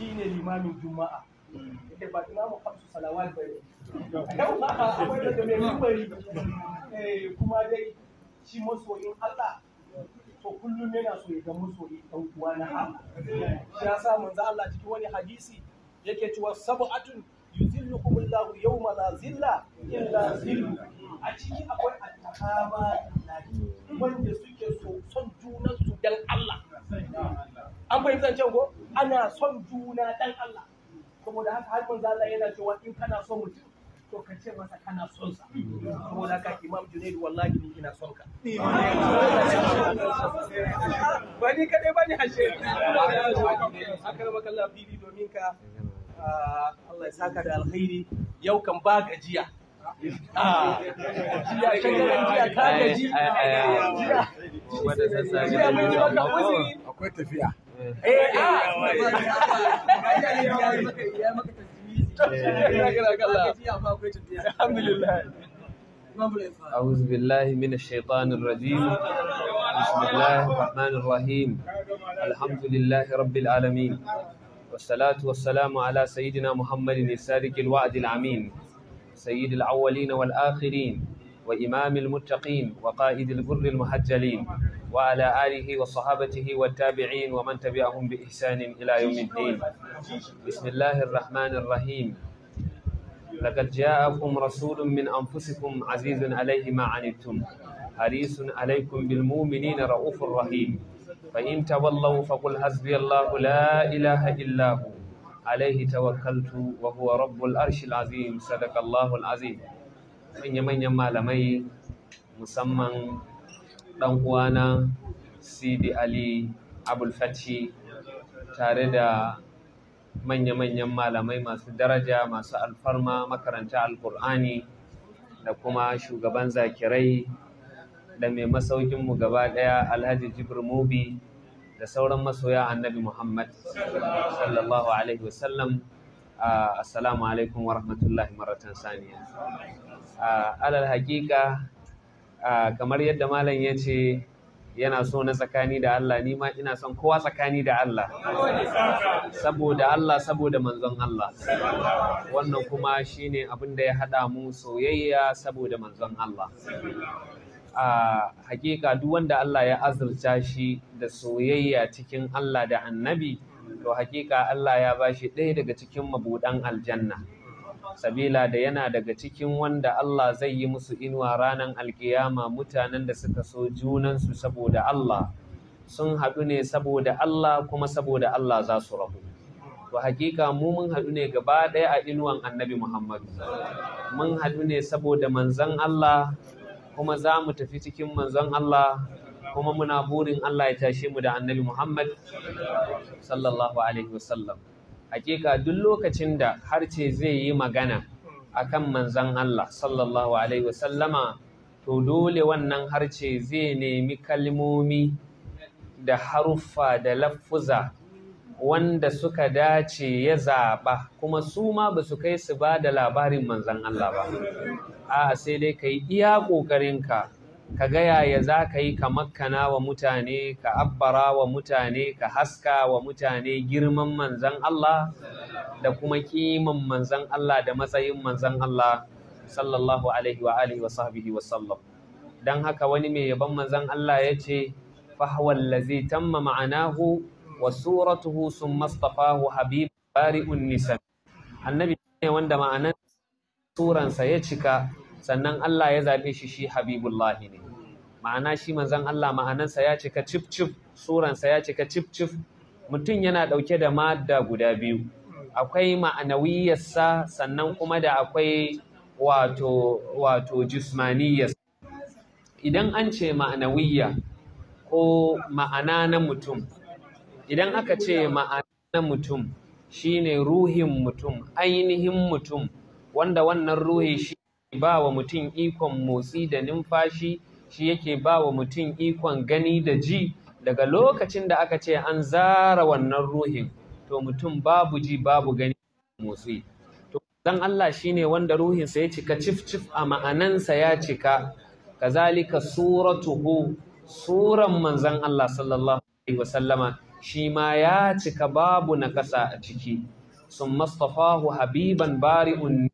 shine limamin juma'a da ba imamu hamsu salawat ba yau ma akwai da mai kubari eh, kuma dai shi masoyin Allah to kullum yana so ya ga masoyi dan uwa na Allah shi sa manzo Allah cikin wani hadisi yake cewa sab'atun yuzillukumullahu yawma la zilla illa zillu a ciki akwai attaqaba wanda suke so son su dan Allah an bai zancen ko ana son juna dan Allah saboda haka har manzo Allah yana cewa in kana son mutum to ka ce masa kana son sa saboda haka Imam Junaid wallahi ni ina son ka ba ni kadai ba ni hashe haka da makalla fili domin ka ah, Allah ya saka da alkhairi yau kan ba gajiya Akwai tafiya. Eh, الحمد لله أعوذ بالله من الشيطان الرجيم بسم الله الرحمن الرحيم الحمد لله رب العالمين والصلاة والسلام على سيدنا محمد الصادق الوعد العمين سيد الأولين والآخرين وإمام المتقين وقائد البر المهجلين وعلى آله وصحابته والتابعين ومن تبعهم بإحسان إلى يوم الدين بسم الله الرحمن الرحيم لقد جاءكم رسول من أنفسكم عزيز عليه ما عنتم حريص عليكم بالمؤمنين رؤوف رحيم فإن تولوا فقل حسبي الله لا إله إلا هو عليه توكلت وهو رب الأرش العظيم صدق الله العظيم manya-manyan malamai musamman ɗan uwana Sidi Ali Abulfaci tare da manya-manyan malamai masu daraja masu alfarma makaranta alkur'ani da kuma shugaban zakirai da mai masaukin mu gaba ɗaya alhaji Jibril mubi da sauran masoya annabi muhammad sallallahu alaihi wasallam Uh, assalamu alaikum wa rahmatullahi maratan saniya. Ah, alal hakika uh, ah, kamar yadda malam ya ce yana so na tsakani da Allah ni ma ina son kowa tsakani da Allah saboda Allah saboda manzon Allah wannan kuma shine abin da ya haɗa mu soyayya saboda manzon Allah a hakika duk wanda Allah ya azurta shi da soyayya cikin Allah da annabi to hakika Allah ya bashi ɗaya daga cikin mabuɗan aljanna sabila da yana daga cikin wanda Allah zai yi musu inuwa ranar alkiyama mutanen da suka so junansu saboda Allah sun haɗu ne saboda Allah kuma saboda Allah za su rabu to hakika mu mun haɗu ne gaba ɗaya a inuwan annabi Muhammad. Mun haɗu ne saboda manzon Allah kuma za mu tafi cikin manzon Allah kuma muna burin Allah ya tashe mu da annabi Muhammad sallallahu alaihi wasallam hakika duk lokacin da harce zai yi magana akan manzan Allah sallallahu alaihi wasallama to dole wannan harce zai nemi kalmomi da haruffa da laffuza wanda suka dace ya zaɓa kuma su ma ba su kai su ba da labarin manzan Allah ba a sai dai ka yi iya ƙoƙarinka ka ga yaya za ka yi ka makkana wa mutane ka abbara wa mutane ka haska wa mutane girman manzan Allah da kuma kiman manzan Allah da matsayin manzan Allah sallallahu alaihi wa alihi wa sahbihi wa sallam dan haka wani mai yaban manzan Allah ya ce fahwal lazi tamma ma'anahu wa suratuhu summa istafahu habib bari'un nisa annabi ne wanda ma'anar suransa ya cika sannan Allah ya zaɓe shi shi habibullahi ne ma'ana shi manzan Allah ma'anansa ya cika cif cif suransa ya cika cif cif mutum yana ɗauke da madda guda biyu akwai ma'anawiyarsa sannan kuma da akwai wato wato jismaniyarsa idan an ce ma'anawiyya ko ma'ana na mutum idan aka ce ma'ana na mutum shine ruhin mutum ainihin mutum wanda wannan ruhi shi ba wa mutum ikon motsi da numfashi shi yake ba wa mutum ikon gani da ji daga lokacin da aka ce an zara wannan ruhin to mutum babu ji babu gani motsi to dan Allah shine wanda ruhinsa ya cika cif cif a ma'anansa ya cika kazalika suratuhu suran manzon Allah sallallahu alaihi wasallama shi ma ya cika babu na kasa a ciki sun mastafahu habiban bari'un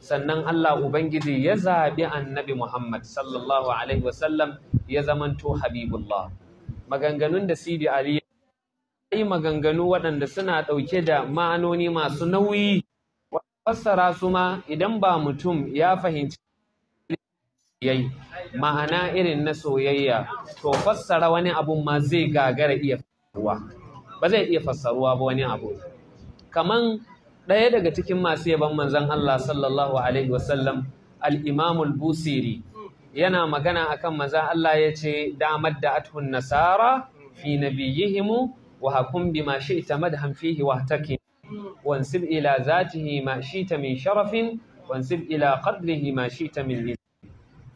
sannan Allah Ubangiji ya zaɓi annabi Muhammad sallallahu Alaihi wasallam ya zamanto Habibullah. Maganganun da Sidi Ali ya yi maganganu waɗanda suna ɗauke da ma'anoni masu nauyi, fassara su ma idan ba mutum ya fahimci yayi ma'ana irin na soyayya to fassara wani abun ma zai gagara iya fassaruwa ba zai iya fassaruwa ba wani abu kaman ɗaya daga cikin masu yaban manzan Allah sallallahu alaihi wasallam al busiri yana magana a kan manzan Allah ya ce, damar da athun nasara fi nabiyihim wa hakum bima shi'ta madhan fihi take wansu ila zatihi ma ta min sharafin wansu ila qadrihi ma ta min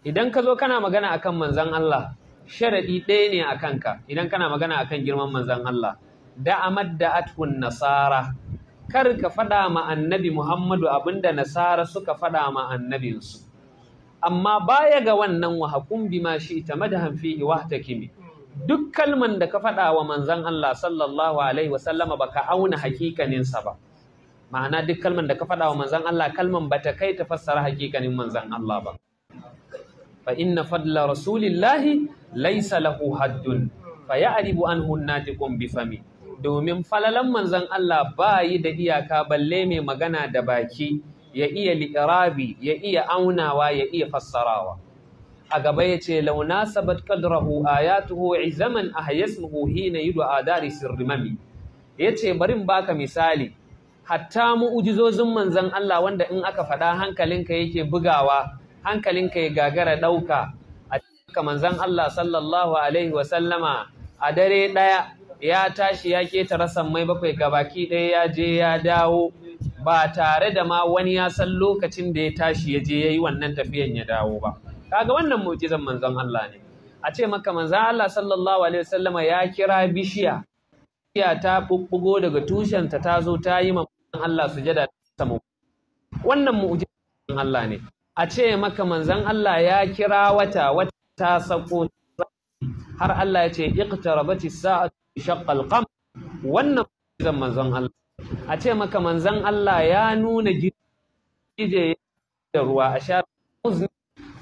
idan ka zo kana magana akan manzan Allah sharadi ɗaya ne a kanka idan kana magana akan girman manzan Allah da'amad da athun nasara kar ka faɗa ma annabi Muhammadu abinda nasara suka faɗa ma annabinsu amma baya ga wannan wa bi ma shi ita madahan fihi kimi. duk kalman da ka faɗa wa manzan Allah sallallahu alaihi wasallama ka auna hakikaninsa ba ma'ana duk kalman da ka faɗa wa manzan Allah kalman bata kai ta fassara hakikanin manzan Allah ba fa inna fadla rasulillahi laisa lahu haddun fa ya'ribu anhu natiqun bi fami domin falalan manzon Allah ba yi da iyaka balle mai magana da baki ya iya lirabi, ya iya aunawa ya iya fassarawa a gaba ya ce launa sabat a ayatuhu hohi na yi du'a adari sirrimami ya ce bari ba baka misali hatta mu'ujizozin manzon Allah wanda in aka faɗa hankalinka yake bugawa hankalinka ya gagara ɗauka a manzon Allah sallallahu alaihi wasallama a dare ɗaya ya tashi ya keta rasan mai bakwai gabaki ɗaya ya je ya dawo ba tare da ma wani ya san lokacin da ya tashi ya je ya yi wannan tafiyan ya dawo ba kaga wannan mu'jizan manzon Allah ne a ce maka manzon Allah sallallahu alaihi wasallama ya kira bishiya bishiya ta bubbugo daga tushenta ta zo ta yi manzon Allah sujada ta samu wannan mu'jizan Allah ne a ce maka manzon Allah ya kira wata wata ta sako har Allah ya ce iqtarabatis sa'atu shaqqal wannan manzon Allah a ce maka manzon Allah ya nuna gije da ruwa a sha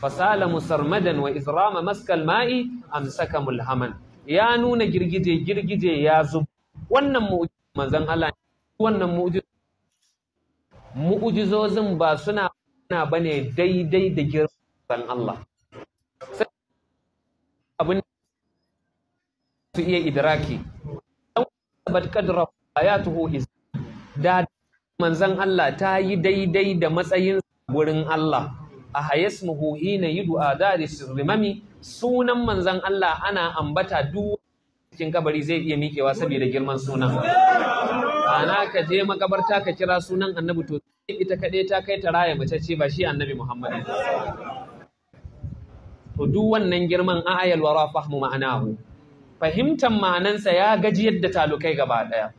fasala musarmadan wa izrama maskal ma'i amsaka mulhaman ya nuna girgije girgije ya zubo wannan manzon Allah wannan mu'jiz ba suna na bane daidai da girman Allah abin su iya idraki sabat ya ayatuhu iz da manzan Allah ta yi daidai da matsayin gurin Allah a hayasmuhu hina da dari sirrimami sunan manzan Allah ana ambata duk cikin kabari zai iya mikewa saboda girman sunan ana ka je makabarta ka kira sunan annabi to ita kaɗai ta kai ta raya mace ce ba shi annabi Muhammad to duk wannan girman ayal wara fahmu ma'anahu fahimtar manansa ya gaji yadda talukai gaba ɗaya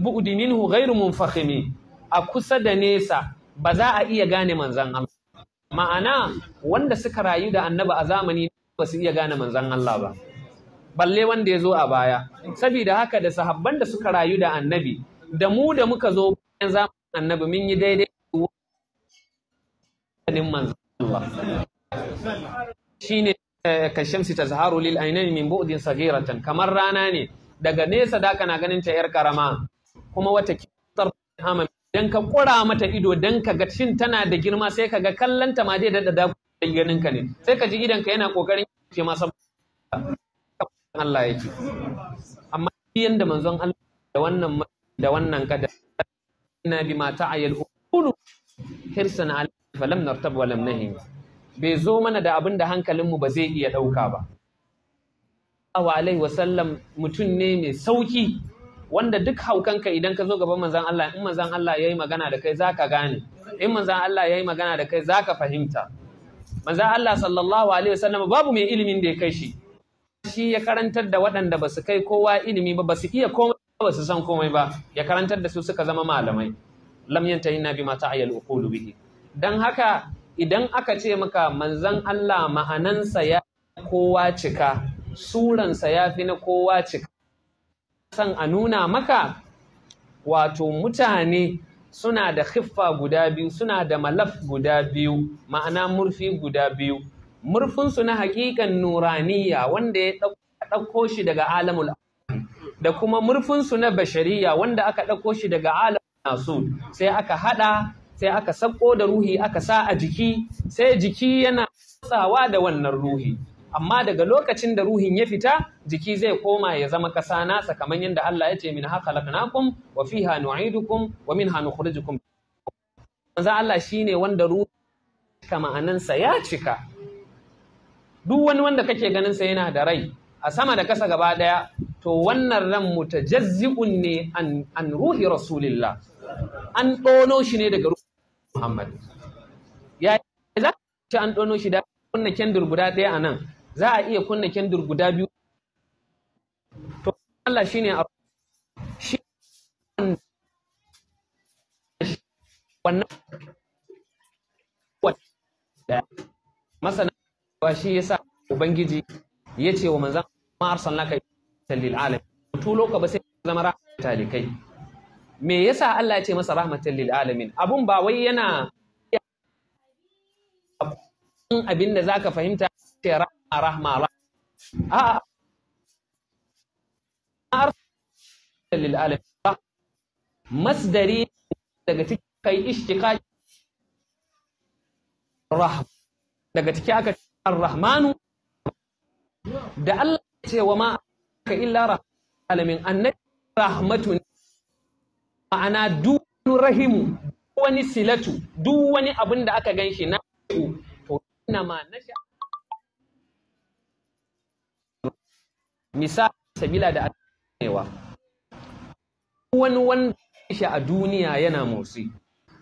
bu'di minhu mun munfakhimi a kusa da nesa ba za a iya gane manzan Allah ma'ana wanda suka rayu da annaba a zamani ba su iya gane manzan Allah ba balle wanda ya zo a baya Sabida haka da sahabban da suka rayu da annabi da mu da muka zo bayan zamanin annabi mun yi daidai ganin manzon Allah shine Eh, ta zaharu lil ainain min bu'din saghiratan kamar rana ne daga nesa da kana ganin ta yar karama kuma wata kitar hama dan ka kura mata ido dan ka ga shin tana da girma sai ka ga kallanta ma zai dada da ganin ka ne sai ka ji idan ka yana kokarin ce ma saboda Allah yake amma yanda manzon Allah da wannan da wannan kada bi mata ayal ulu hirsan al falam nartab nahi bai zo mana da abin da hankalinmu ba zai iya ɗauka ba awa alaihi wasallam mutum ne mai sauki wanda duk haukanka idan ka zo gaba manzan Allah in manzan Allah ya yi magana da kai zaka gane in manzan Allah ya yi magana da kai zaka fahimta manzan Allah sallallahu alaihi wasallam babu mai ilimin da ya kai shi shi ya karantar da waɗanda ba su kai kowa ilimi ba ba su iya komai ba su san komai ba ya karantar da su suka zama malamai lam na nabi mata a uqulu bihi dan haka idan aka ce maka manzan Allah ma'anansa ya kowa cika suransa ya fi na kowa cika san a nuna maka wato mutane suna da khiffa guda biyu suna da malaf guda biyu ma'ana murfi guda biyu murfinsu na hakikan nuraniya wanda ya ɗauko shi daga alamul da kuma murfinsu na bashariya wanda aka ɗauko shi daga alamul nasu sai aka haɗa sai aka sako da ruhi aka sa a jiki sai jiki yana sawa da wannan ruhi amma daga lokacin da ruhin ya fita jiki zai koma ya zama kasa nasa kamar yadda Allah ya ce min haka laknakum wa fiha nu'idukum wa minha nukhrijukum manzo Allah shine wanda ruhi cika ma'anansa ya cika duk wani wanda kake ganin sa yana da rai a sama da kasa gaba daya to wannan ran mutajazzi'un ne an ruhi rasulillah an ɗono shi ne daga ruhi Muhammad ya za ci an dono shi da kunna kendur guda ɗaya a nan za a iya kunna kendur guda biyu to Allah shi shine abu shi wannan masana shi ya yasa ubangiji ya ce wa manzan ma arsalnaka lil alamin tulo ka ba sai zama ra'a talikai me yasa Allah ya ce masa rahmatan lil alamin abun ba wai yana abin da zaka fahimta ce rahma rahma a'a lil alamin masdari daga cikin kai ishtiqa rahm daga ciki aka ar-rahmanu da Allah ya ce wa ma ka illa rahmatan alamin annabi rahmatun ma'ana duk rahimu duk wani silatu duk wani abin da aka gan shi na to ina ma na nasha misali sabila da anewa wani wanda shi a duniya yana motsi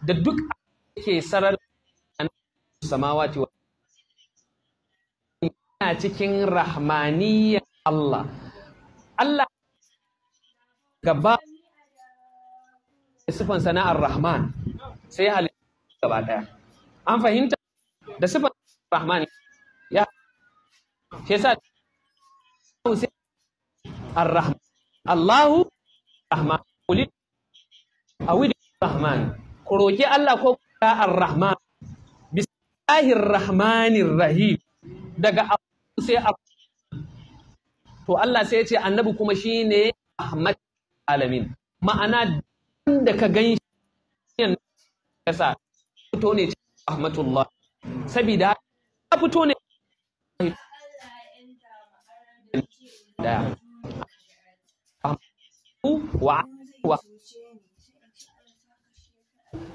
da duk ke sarar samawati wa yana cikin rahmaniyya Allah Allah gaba sifan sana'ar rahman sai ya halitta gaba daya an fahimta da sifan rahman ya shi yasa ar-rahman Allahu rahman kuli a wuri rahman ku roƙi Allah ko ka ar-rahman bismillahir rahmanin rahim daga abu sai a to Allah sai ce annabi kuma shine rahmat alamin ma'ana da ka gan shi kasa fito ne rahmatullah saboda ya fito ne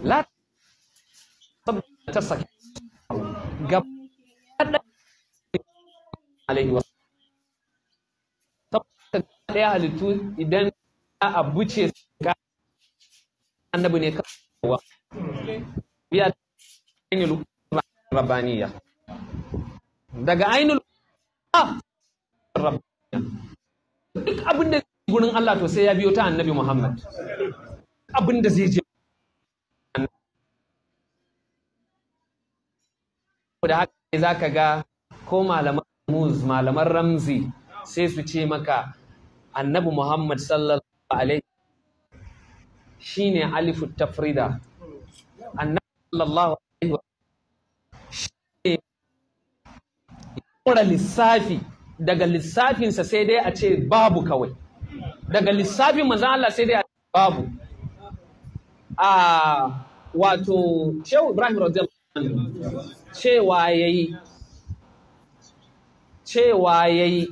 la ta saki gaba ta ɗaya halittu idan a buce ka annabi ne biya ainul rabbaniya daga ainul rabbaniya duk abin da gurin Allah to sai ya biyo ta annabi Muhammad abin da zai je da haka ne za ka ga ko malaman muz malaman ramzi sai su ce maka annabi Muhammad sallallahu alaihi shine alifu tafrida annabi sallallahu alaihi wa shine yawar lissafi daga lissafinsa sai dai a ce babu kawai daga lissafin manzon Allah sai dai a ce babu a wato Shehu Ibrahim radiyallahu anhu cewa yayi cewa yayi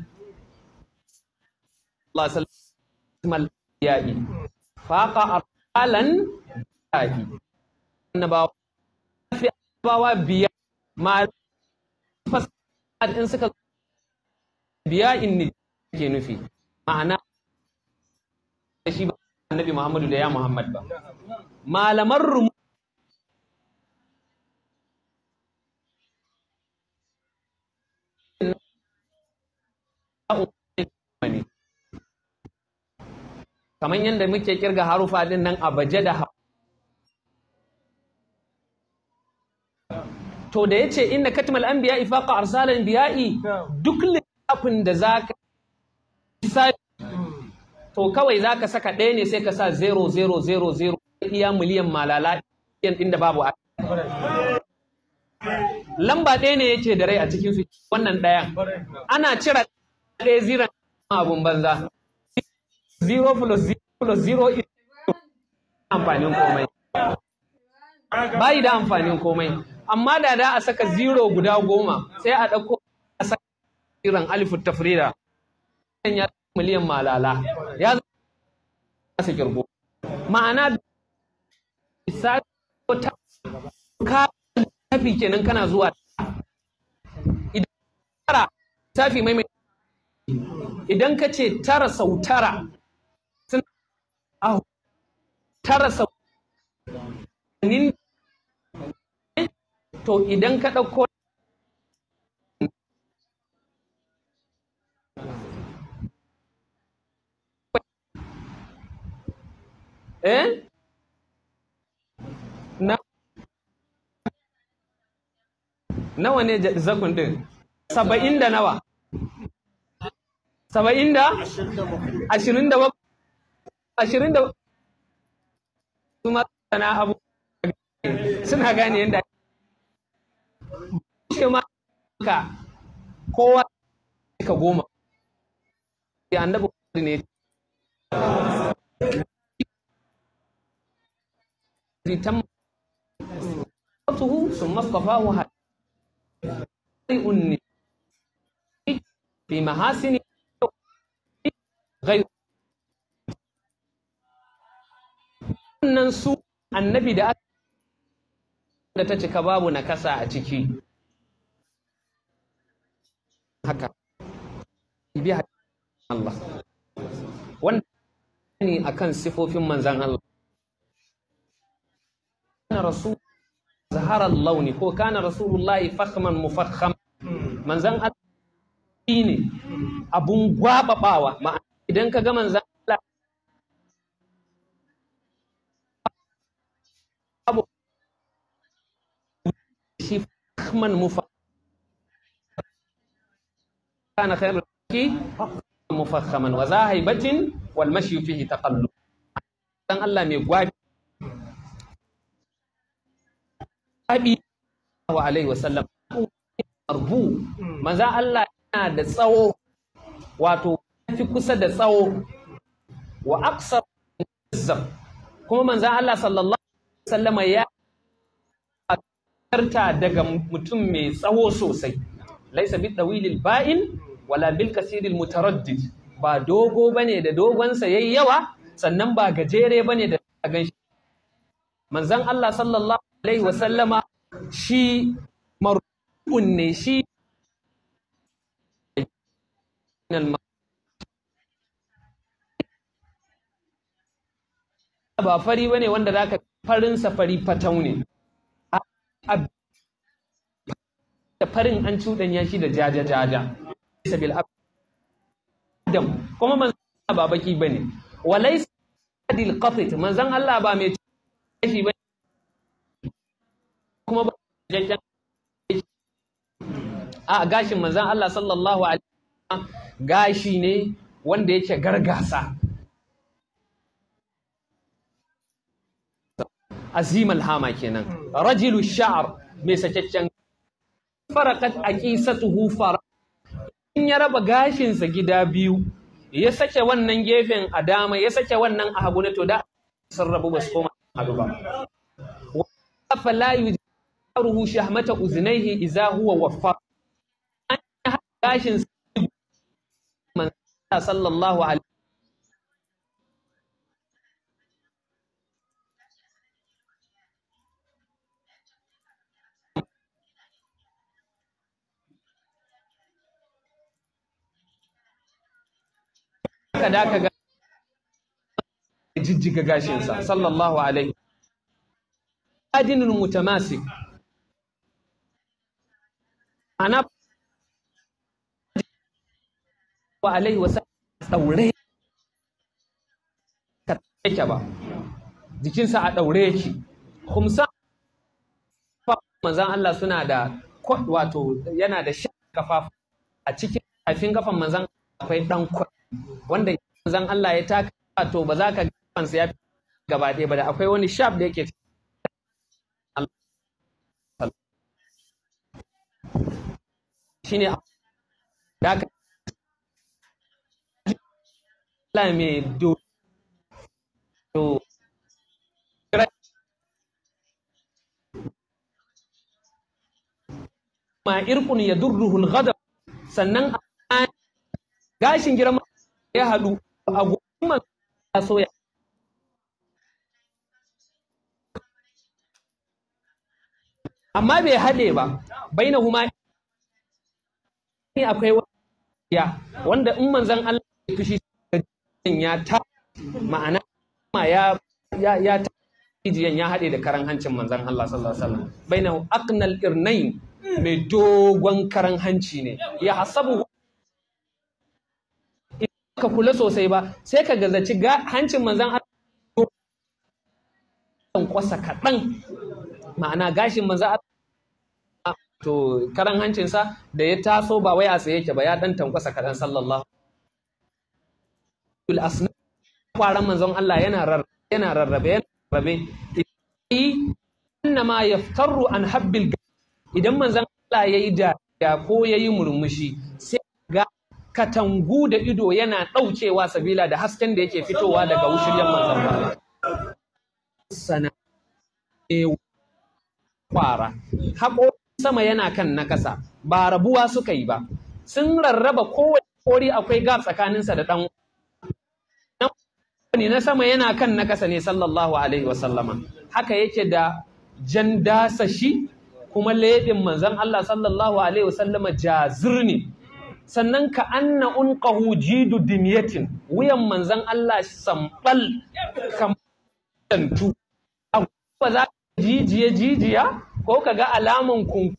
Allah sallallahu alaihi wa sallam faqa alan tadi na ba fi annabawa biya ma fasad in suka biya in ke nufi ma'ana shi ba annabi Muhammadu da ya Muhammad ba malaman rumu Oh. kamar yadda muke kirga harufa din nan a baje da to da ya ce yace inna katmal anbiya ifaqa arsal biya'i duk littafin da za zaka to kawai za ka saka ɗaya ne sai ka sa 0000 iya miliyan malala ɗin da babu lamba ɗaya ne yake da rai a cikin su wannan ɗayan ana cira ɗaya ziran abun banza 0 plus da amfanin komai amma da da a saka zero guda goma sai a ɗauko a saka irin alifu tafrida ya miliyan malala ya zama su kirgo ma'ana ko ta ka tafi kenan kana zuwa idan tara idan ka ce tara sau tara ahu tara sau to idan ka ɗauko eh na nawa ne zakun din saba'in da nawa saba'in da ashirin da bakwai ashirin da kuma sana abu suna gane yadda shi ma ka kowa ka goma ya annabi ne sun wa غير wannan su annabi da da ta cika babu nakasa a ciki haka bi Allah wanda ne akan sifofin manzan Allah kana rasul zahara launi ko kana rasulullahi fakhman mufakham manzan Allah ne abun gwababawa ma'ana idan ka ga manzan فخما مفخما كان خير الحكي مفخما وذا والمشي فيه تقلب dan Allah mai gwabi abi wa alaihi wasallam arbu manzo Allah yana da tsawo wato fi kusa da tsawo wa aksar zam kuma manzo Allah sallallahu alaihi wasallama ya karta daga mutum mai tsawo sosai laisa bi dawilil ba'in wala bil kasiril mutaraddid ba dogo bane da dogon sa yayi yawa sannan ba gajere bane da gan shi manzon Allah sallallahu alaihi wasallama shi marubun ne shi ba fari bane wanda zaka farin sa fari fatau ne Da farin an cuɗanya shi da jaja jaja sabil adam kuma manzon ba baki bane walaysa adil manzon Allah ba mai shi bane kuma ba a gashin manzon Allah sallallahu alaihi gashi ne wanda yake gargasa azimal hama kenan rajilu sha'ar mai sakaccen farakat aqisatuhu fara in ya raba gashinsa gida biyu ya sake wannan gefen a dama ya sake wannan a hagu to da sun rabu ba su koma hadu ba fala yujaruhu shahmata uznaihi idza huwa waffa an gashin sallallahu alaihi haka da aka ga jijjiga gashinsa sallallahu alaihi adinin mutamasik ana wa alaihi wa daure ka take ba jikinsa a daure yake khumsa manzan Allah suna da wato yana da shan kafafu a cikin kafin kafan manzan akwai dan kwai wanda zan Allah ya taka to ba za ka gaban ya fi gaba ɗaya ba da akwai wani shaf da yake shine da ka Allah mai do to ma irkun yadurruhul ghadab sannan gashin girma ya haɗu a gurin man soya. amma bai haɗe ba baina huma ne akwai wani wanda in manzan Allah ya fushi ya ta ma'ana ya ya ta jiyan ya haɗe da karan hancin manzan Allah sallallahu alaihi wasallam baina aqnal irnain mai dogon karan hanci ne ya hasabu ka kula sosai ba sai ka gazaci ga hancin manzan Allah kwasa kaɗan da ya taso ba wai a tsaye ba ya ɗan tankwasa an habbil idan yayi da ko yayi murmushi sai ga katangu da ido yana ɗaukewa sabila da hasken da yake fitowa daga wushiryan manzan Allah. Sana e, kwara. Haƙorin sama yana kan na ƙasa, ba rabuwa suka yi ba. Sun rarraba kowane kori akwai gab tsakaninsa da ɗan ne na sama yana kan na ƙasa ne sallallahu alaihi wasallama. Haka yake da jan dasa shi kuma leɓin manzan Allah sallallahu alaihi wasallama jazir ne. sannan ka anna unqahu jidu dimyatin wuyan manzon Allah sambal kamtantu ba za ka jijiye jijiya ko ka ga alaman kun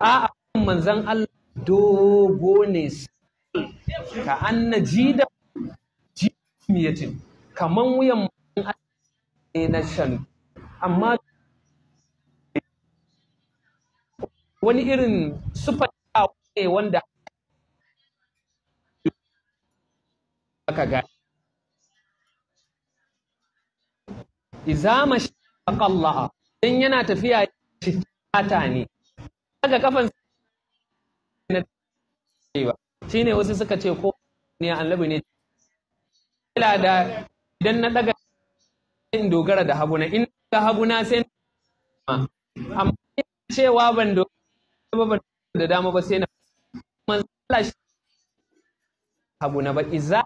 a manzon Allah dogo ne ka anna jida jimiyatin kamar wuyan manzon Allah ne na shan amma wani irin sufa ne wanda aka ga izama shaqallaha dan yana tafiya shi tata ne daga kafan shine wasu suka ce ko ne annabi ne ila da idan na daga in dogara da haguna in ka haguna sai amma cewa ban dogara ba ban da dama ba sai na manzo Allah shi abu na baki za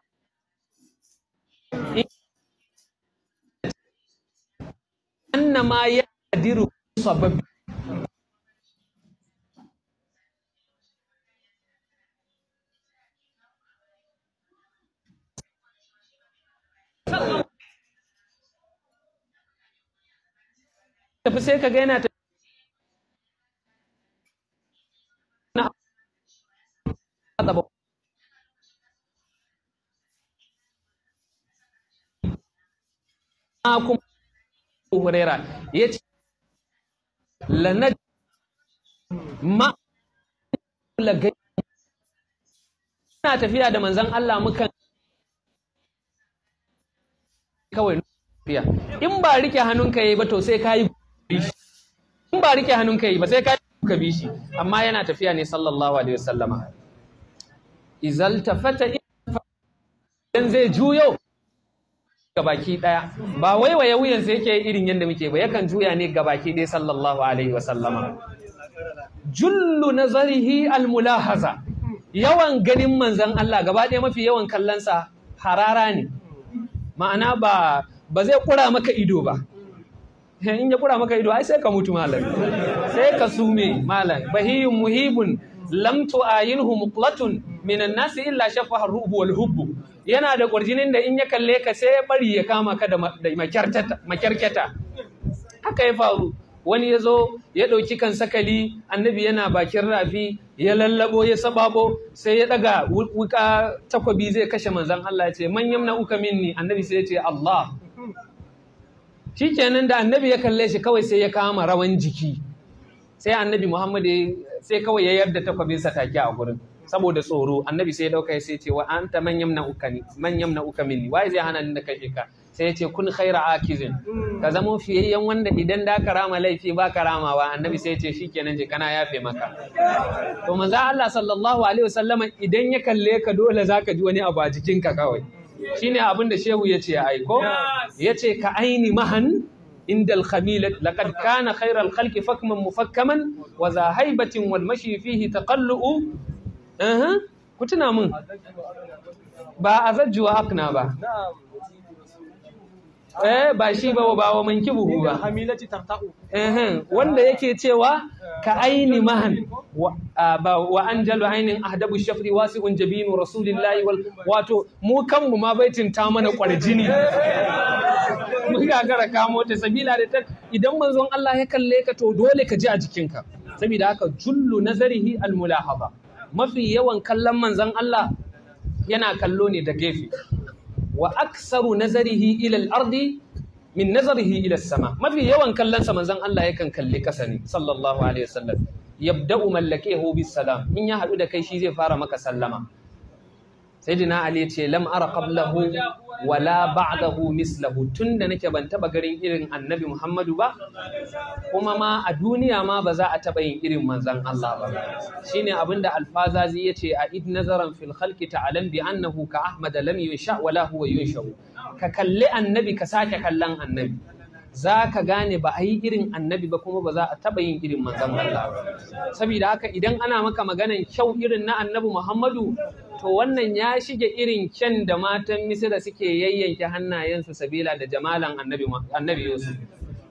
annama ya diru sababi tafi sai ka ga yana taba kuma Huraira ya ce lanad ma lagai ina tafiya da manzan Allah mukan kawai tafiya in ba rike hannunka yi ba to sai ka kai in ba rike hannunka yi ba sai kai ka bi shi amma yana tafiya ne sallallahu alaihi wasallama izalta fata in zai juyo gabaki daya ba wai wuyan sai yake irin yadda muke ba yakan juya ne gabaki daya sallallahu alaihi wa sallama jullu nazarihi almulahaza yawan ganin manzon Allah gaba daya mafi yawan kallonsa harara ne ma'ana ba ba zai kura maka ido ba in ya kura maka ido ai sai ka mutu malam sai ka sume malam bahiyun muhibun lam tu'ayinhu muqlatun minan nasi illa shafaha ruhu wal hubbu yana da ƙwarjinin da in ya kalle ka sai ya bari ya kama ka da makyarketa haka ya faru wani ya zo ya ɗauki kan sakali annabi yana bakin rafi ya lallabo ya sababo sai ya ɗaga wuka takwabi zai kashe manzan Allah ya ce man yamna uka minni annabi sai ya ce Allah shikenan da annabi ya kalle shi kawai sai ya kama rawan jiki sai annabi Muhammad ya sai kawai ya yarda sa take a gurin saboda tsoro annabi sai ya dauka sai ya ce wa anta man yamna ukani man yamna ukamini wai zai hana ni da kashe ka sai ya ce kun khaira akizin hmm. ka zama fiyayyen wanda idan da ka rama laifi ba ka ramawa annabi sai ya ce shikenan je kana yafe maka to manzo Allah sallallahu alaihi wasallama idan ya kalle ka dole zaka ji wani abu a jikinka kawai shine abin da shehu ya ce ai ko ya ce ka aini mahan inda al-khamilat laqad kana khayra al-khalqi fakman mufakkaman wa za haibatin wal mashi fihi mun ba azajju wa akna ba eh ba shi ba ba wa manki buhu ba eh wanda yake cewa ka aini mahan wa anjalu ainin ahdabu shafri wasi'un jabinu rasulillahi wal wato mu kanmu ma baitin ta mana kwarjini mun gara kamo ta sabila da ta idan manzon Allah ya kalle ka to dole ka ji a jikinka saboda haka jullu nazarihi almulahaba mafi yawan kallon manzon Allah yana kallo ne da gefe wa aksaru nazarihi ila ardi min nazarihi ila sama mafi yawan kallonsa sa manzon Allah yakan kalli kasa ne sallallahu alaihi wasallam yabda'u mallakehu bis salam in ya haɗu da kai shi zai fara maka sallama sayyidina ali ce lam ara qablahu wala ba'dahu mislahu tunda nake ban taba garin irin annabi muhammadu ba kuma ma a duniya ma ba za a taba yin irin manzan Allah ba shine abinda alfazazi yace a id nazaran fil khalqi ta'alam bi annahu ka ahmad lam yusha wala huwa yusha ka kalli annabi ka sake kallan annabi za ka gane ba a yi irin annabi ba kuma ba za a taɓa yin irin manzan Allah ba. Saboda haka idan ana maka maganan kyau irin na annabi Muhammadu to wannan ya shige irin kyan da matan misira suke yayyanke hannayensu sabila da jamalan annabi yusuf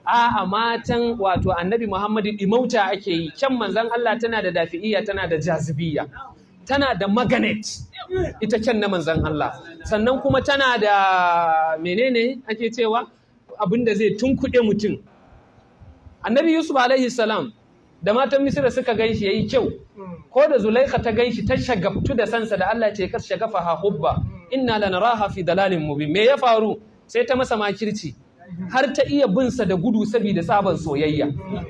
a'a matan wato annabi muhammadu imauta ake yi kyan manzan allah tana da dafi'iya tana da jazibiya tana da maganet ita kyan na manzan allah sannan kuma tana da menene ake cewa abin da zai tunkuɗe mutum annabi yusuf alaihi salam da matan misira suka gan shi ya yi kyau mm. ko da zulaikha ta gan shi ta shagabtu da sansa da Allah ce kar shagafa ha hubba mm. inna raha fi dalalin mubin me ya faru sai ta masa makirci har ta iya bin sa da gudu saboda sabon soyayya mm.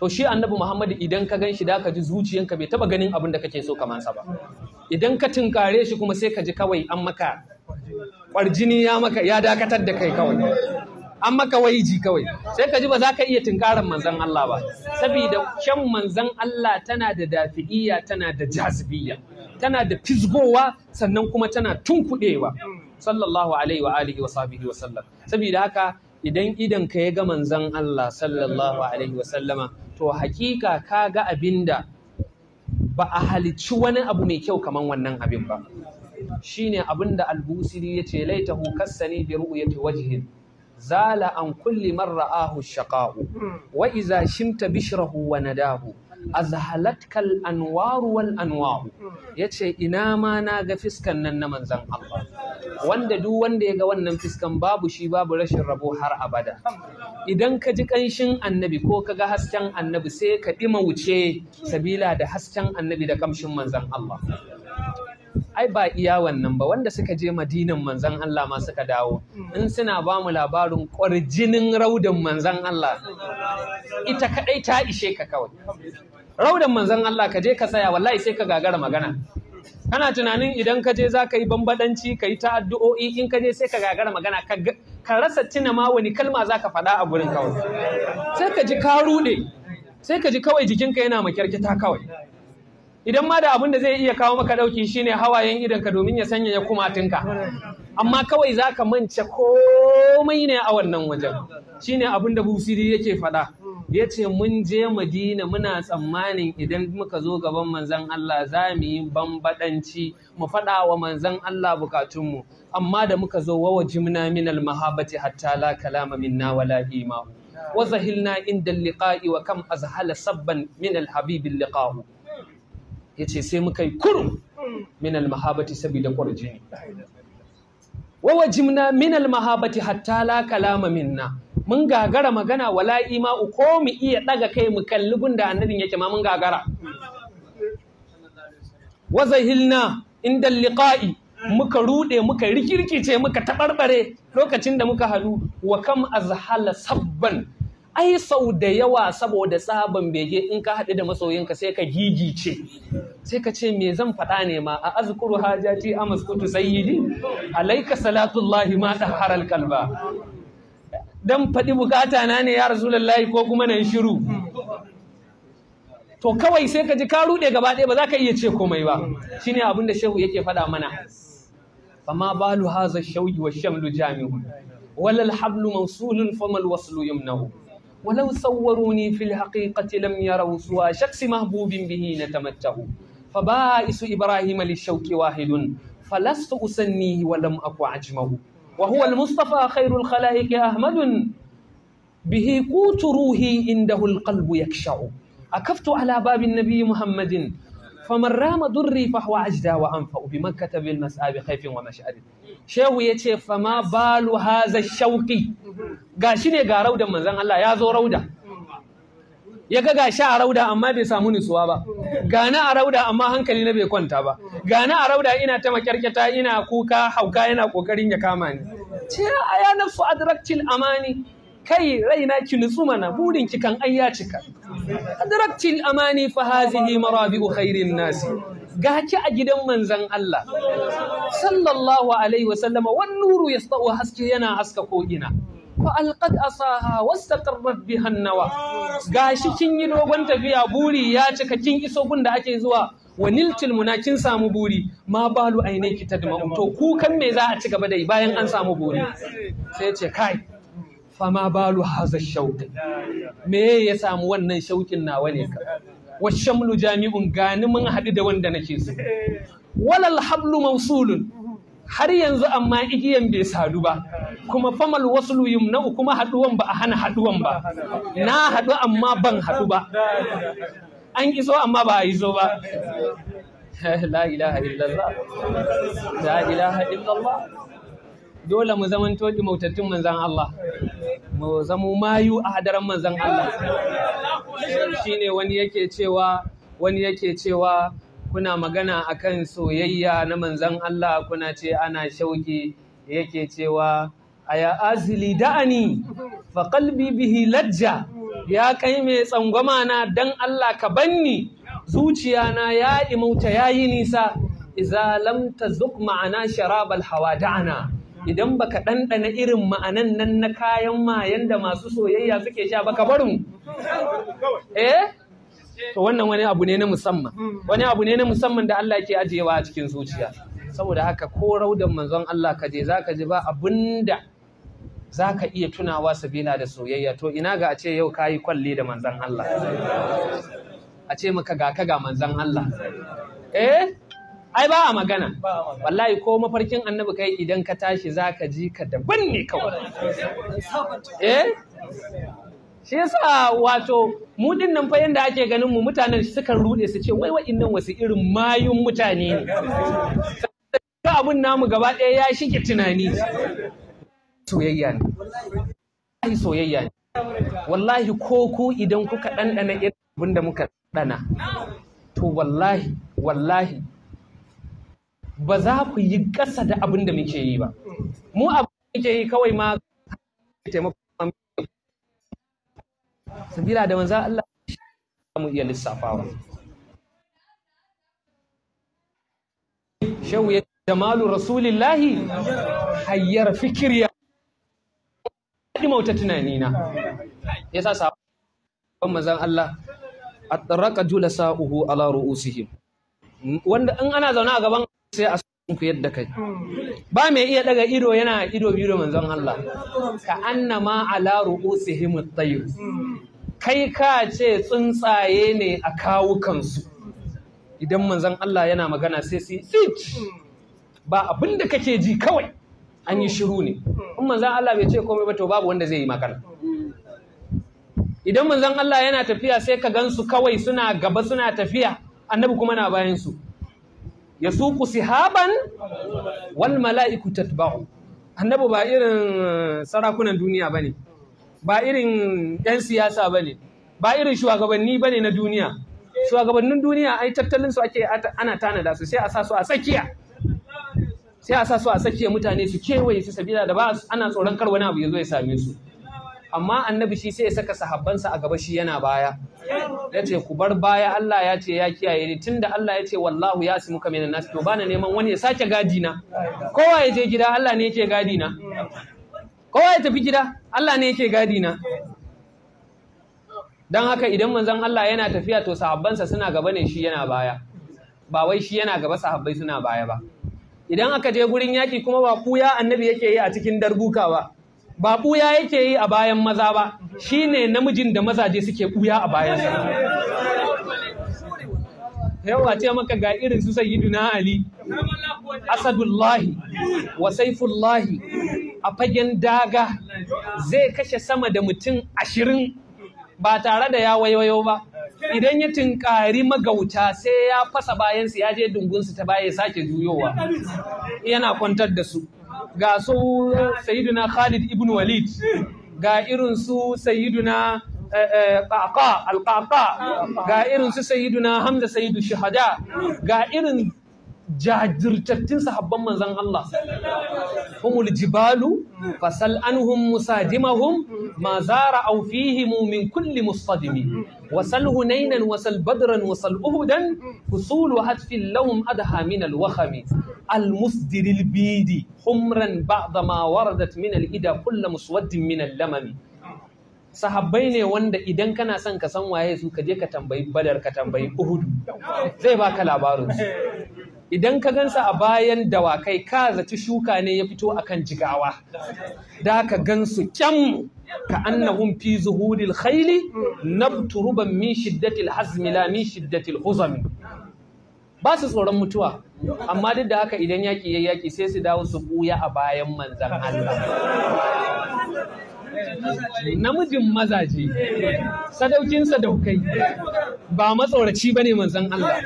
to shi annabi Muhammadu idan ka gan shi da ka ji zuciyanka bai taba ganin abin da kake so kamar sa ba idan ka tunkare shi kuma sai ka ji kawai an maka kwarjini ya dakatar da kai kawai an maka waiji kawai sai ka ji ba za ka iya tunkarar manzan Allah ba saboda kyan manzan Allah tana da dafi'iyya tana da jazibiyya tana da fizgowa sannan kuma tana tunkuɗewa sallallahu alaihi wa alihi wa sahbihi wa sallam saboda haka idan idan ka ya ga manzan Allah sallallahu alaihi wa sallama to hakika ka ga abinda ba a halicci wani abu mai kyau kaman wannan abin ba shine abinda al-busiri yace laitahu kassani bi ru'yati wajhihi zala an kulli man ra'ahu shaqa'u hmm. wa idza shimta bishrahu wa nadahu azhalatkal anwaru wal anwahu hmm. yace ina ma na ga fiskan nan na manzon Allah wanda duk wanda ya ga wannan fiskan babu shi babu rashin rabo har abada idan ka ji kanshin annabi ko ka ga hasken annabi sai ka ɗima wuce sabila da hasken annabi da ƙamshin manzon Allah ai ba iya wannan ba wanda suka je madinan manzan Allah ma suka dawo hmm. in suna ba mu labarin kwarjinin raudan manzan Allah ita kadai ta ishe ka kawai raudan manzan Allah ka je ka tsaya wallahi sai ka gagara magana kana tunanin idan ka je za ka yi bambadanci ka yi ta'addu'o'i in ka je sai ka gagara magana ka rasa tuna ma wani kalma za ka faɗa a gurin kawai sai ka ji ka rude, sai ka ji kawai jikinka yana makyarkita kawai idan ma da abin da zai iya kawo maka ɗauki shine hawayen idanka domin ya sanya ya kuma tunka. amma kawai za ka mance komai ne a wannan wajen shine abin da busiri yake faɗa ya ce mun je madina muna tsammanin idan muka zo gaban manzan Allah za mu yi bambaɗanci mu faɗa wa manzan Allah bukatunmu amma da muka zo wawa jimna minal mahabati hatta la kalama minna wala hima wa zahilna inda liqa'i wa kam azhala sabban min alhabibin habibi ya ce sai muka yi kurum min almahabati saboda kwarjini wawa jimna min almahabati hatta la kalama minna mun gagara magana wala ima uko mu iya daga kai mu kalli gunda annabin yake ma mun gagara wa in inda liqa'i muka rude muka rikirkice muka taɓarɓare, lokacin da muka halu wa kam azhala sabban ai sau da yawa saboda tsaban bege in ka haɗu da masoyinka sai ka gigice sai ka ce me zan faɗa ne ma a azkuru hajati amaskutu sayyidi alaika salatullahi ma taharal kalba dan faɗi bukata na ne ya rasu rasulullahi ko kuma nan shiru to kawai sai ka ji ka ruɗe gaba ɗaya ba za ka iya ce komai ba shine abin da shehu yake faɗa mana ba balu haza shauki wa shamlu jami'un walal hablu mawsulun famal waslu yumnahu ولو صوروني في الحقيقة لم يروا سوى شخص محبوب به نتمتع فبائس إبراهيم للشوك واحد فلست أسنيه ولم أك عجمه وهو المصطفى خير الخلائق أحمد به قوت روحي عنده القلب يكشع أكفت على باب النبي محمد famar rama durri fahwa huwa ajda wa anfa bi makkata bil mas'abi khayfin wa Shehu shehu ce fama balu haza Ga shi ne ga raudan manzon Allah ya zo rauda ya ga gashi a rauda amma bai samu nutsuwa ba gana a rauda amma hankali na bai kwanta ba gana a rauda ina ta makyarkyata ina kuka hauka yana kokarin ya kama ni ce ya nafsu adraktil amani kai raina ki nutsu mana burin ki kan ai cika adraktil amani fa hazihi marabi'u khairin nasi ga ki a gidan manzan Allah sallallahu alaihi wa sallama wan nuru yastau haske yana haska ko ina fa alqad asaha wastaqarrat biha nawa gashi kin yi dogon tafiya buri ya cika kin iso gun da ake zuwa wa niltil munakin samu buri ma balu aine ki ta to kukan me za a ci gaba da bayan an samu buri sai ce kai fama balu haza shauki me ya samu wannan shauƙin nawa ne ka Shamlu jami'un gani mun haɗu da wanda nake so walal hablu mausulun har yanzu amma igiyan bai sadu ba kuma famal waslu yumna'u kuma haɗuwan ba a hana haɗuwan ba na haɗu amma ban haɗu ba an iso amma ba a iso ba la ilaha illallah la ilaha illallah dole mu toɗi mautattun manzan Allah mu zamo mayu a hadaran manzan Allah shi ne wani yake cewa wani yake cewa kuna magana akan soyayya na manzan Allah kuna ce ana shauki yake cewa A ya azili da'ani fa bihi lajja ya kai mai tsangwama na dan Allah ka banni zuciya na ya imauta yayi nisa iza lam zuk ma'ana sharabal hawa da'ana idan baka ɗanɗana irin ma'anan nan na kayan mayan da masu soyayya suke sha baka ka mu eh to wannan wani abu ne na musamman wani abu ne na musamman da Allah ke ajiyewa a cikin zuciya saboda haka ko raudan manzon Allah ka je zaka ji ba abinda zaka iya tunawa sabila da soyayya to ina ga a ce yau kayi kwalli da manzon Allah a ce maka ga ka ga manzon Allah eh ai ba a magana wallahi ko mafarkin annabi kai idan ka tashi za ka ji ka daban ne kawai eh? Eh? shi yasa wato mu din nan fa yanda ake ganin mu mutanen sukan rude su ce wai innan wasu irin mayun mutane ne ka abun namu gaba ɗaya ya shige tunani soyayya ne wallahi soyayya ne wallahi ko ku idan kuka ɗanɗana irin abin da muka ɗana to wallahi wallahi ba za ku yi ƙasa da abin da muke yi ba mu abin da muke yi kawai ma taimako sabila da manzan Allah mu iya lissafawa shehu ya jamalu rasulillahi hayyar fikiriya mauta tunanina ya sa sabon manzan Allah a ɗarraƙa jula sa'uhu ala ru'usihim wanda in ana zaune a gaban sai a sunkuyar da kai hmm. ba mai iya daga ido yana ido biyu da manzon Allah ka annama ala ru'usihim at-tayr hmm. kai ka ce tsuntsaye ne a kawukansu idan manzon Allah yana magana sai su hmm. ba abin da kake ji kawai an yi shiru ne in manzon Allah bai ce komai ba to babu wanda zai yi magana idan manzon Allah yana tafiya sai ka gansu kawai suna gaba suna tafiya annabi kuma na bayan su yasuqu sihaban wal mala'iku tatba'u annabi ba irin eh, sarakunan duniya bane ba irin yan siyasa bane ba irin shugabanni bane na duniya shugabannin duniya ai tattalin su ake ana tanada su sai a sa a tsakiya sai a sa a tsakiya mutane su kewaye su sabila da ba ana tsoron kar wani abu ya zo ya same su amma annabi shi sai ya saka sahabbansa a gaba shi yana baya ya ce ku bar baya Allah ya ce ya kiyaye ni tunda Allah ya ce wallahu ya simu ka minan nas to ba na neman wani ya sake gadi na kowa ya je gida Allah ne yake gadi na kowa ya tafi gida Allah ne yake gadi na dan haka idan manzon Allah yana tafiya to sahabbansa suna gaba ne shi yana baya ba wai shi yana gaba sahabbai suna baya ba idan aka je gurin yaki kuma ba ku ya annabi yake yi a cikin darbuka ba ba ɓuya yake yi a bayan maza ba shine namijin da mazaje suke ɓuya a bayan sa yawa ce maka ga irin su sai na ali asadullahi wa saifullahi a fagen daga zai kashe sama da mutum ashirin ba tare da ya wayo ba idan ya tunkari magauta sai ya fasa bayansu ya je dungunsu ta baya sake juyowa yana kwantar da su ga su sayyiduna Khalid ibn Walid ga irin su sayyiduna eh, eh, Qaqa al-Qaqa ga irin su sayyiduna Hamza sayyidu Shahada. ga irin jajirtattun sahabban manzan Allah humul jibalu fasal anhum musadimahum ma zara aw fihim min kulli musqadimi wasal hunainan wasal badran wasal uhudan husul hatfin lahum adha min al wakhami al musdir al bidi humran ba'da ma waradat min al ida kullu muswaddin min al lamami sahabbai ne wanda idan kana son ka san waye su ka je ka tambayi badar ka tambayi uhud zai baka labarin idan ka gansa a bayan dawakai ka zaci shuka ne ya fito akan jigawa da ka gansu kyan ka annahum fi zuhuril khayli nabturuban min shiddatil hazmi la min shiddatil huzami ba su tsoron mutuwa amma duk da haka idan yaƙi ya yaki, sai su dawo su buya a bayan manzan Allah namijin mazaje sadaukin sadaukai ba matsoraci bane manzan Allah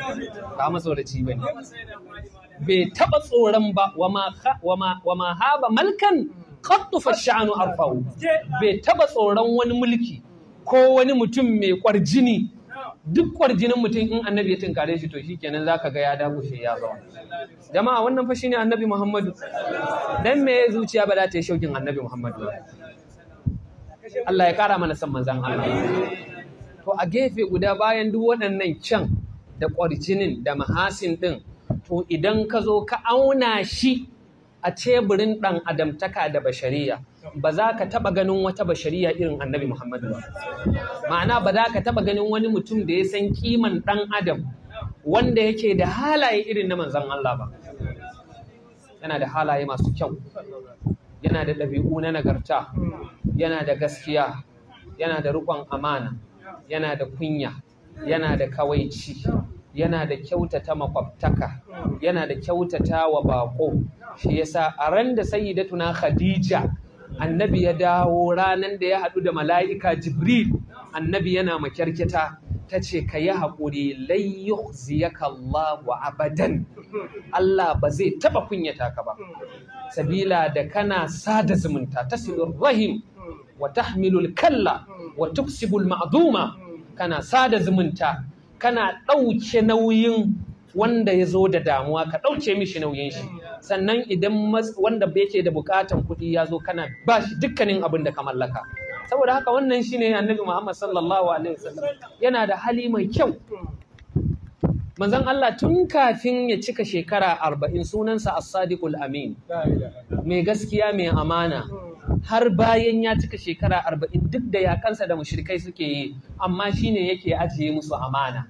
ba matsoraci bane bai taba tsoron ba wa ma haba malkan kattufa sha'anu arfa'u bai taba tsoron wani mulki ko wani mutum mai kwarjini duk kwarjinin mutum in annabi ya tunkare shi to shikenan zaka ga ya shi ya zauna jama'a wannan fa shine annabi Muhammadu dan me zuciya ba za ta yi shaukin annabi Muhammadu Allah ya kara mana san manzan Allah to a gefe guda bayan duk waɗannan can da ƙwarjinin da mahasin ɗin to idan ka zo ka auna shi a teburin ɗan adamtaka da bashariya ba za ka taɓa ganin wata bashariya irin annabi Muhammadu ba ma'ana ba za ka taɓa ganin wani mutum da ya san kiman ɗan adam wanda yake da halaye irin na manzan Allah ba yana da halaye masu kyau yana da ɗabi'u na nagarta hmm. yana da gaskiya yana da riƙon amana yana da kunya yana da kawaici yana da kyautata makwabtaka yana da kyautata wa bako shi yasa a ran da sayyidatuna khadija annabi ya dawo ranan da ya haɗu da mala'ika jibril annabi yana makyarkita ta ce ka yi haƙuri layu ziyaka abadan Allah ba zai taɓa kunyata ka ba sabila da kana sada zumunta tasilur rahim wa tahmilul kalla wa tuksibul ma'duma kana sada zumunta kana ɗauke nauyin wanda ya zo da damuwa ka ɗauke mishi nauyin shi sannan idan wanda yake da bukatan kuɗi ya zo kana ba shi dukkanin abin da ka mallaka saboda haka wannan shine annabi Muhammad sallallahu alaihi wasallam yana da hali mai kyau manzon Allah tun kafin ya cika shekara arba'in sunansa as-sadiqul amin mai gaskiya mai amana har bayan ya cika shekara arba'in duk da yakansa da mushrikai suke yi amma shi ne yake ajiye musu amana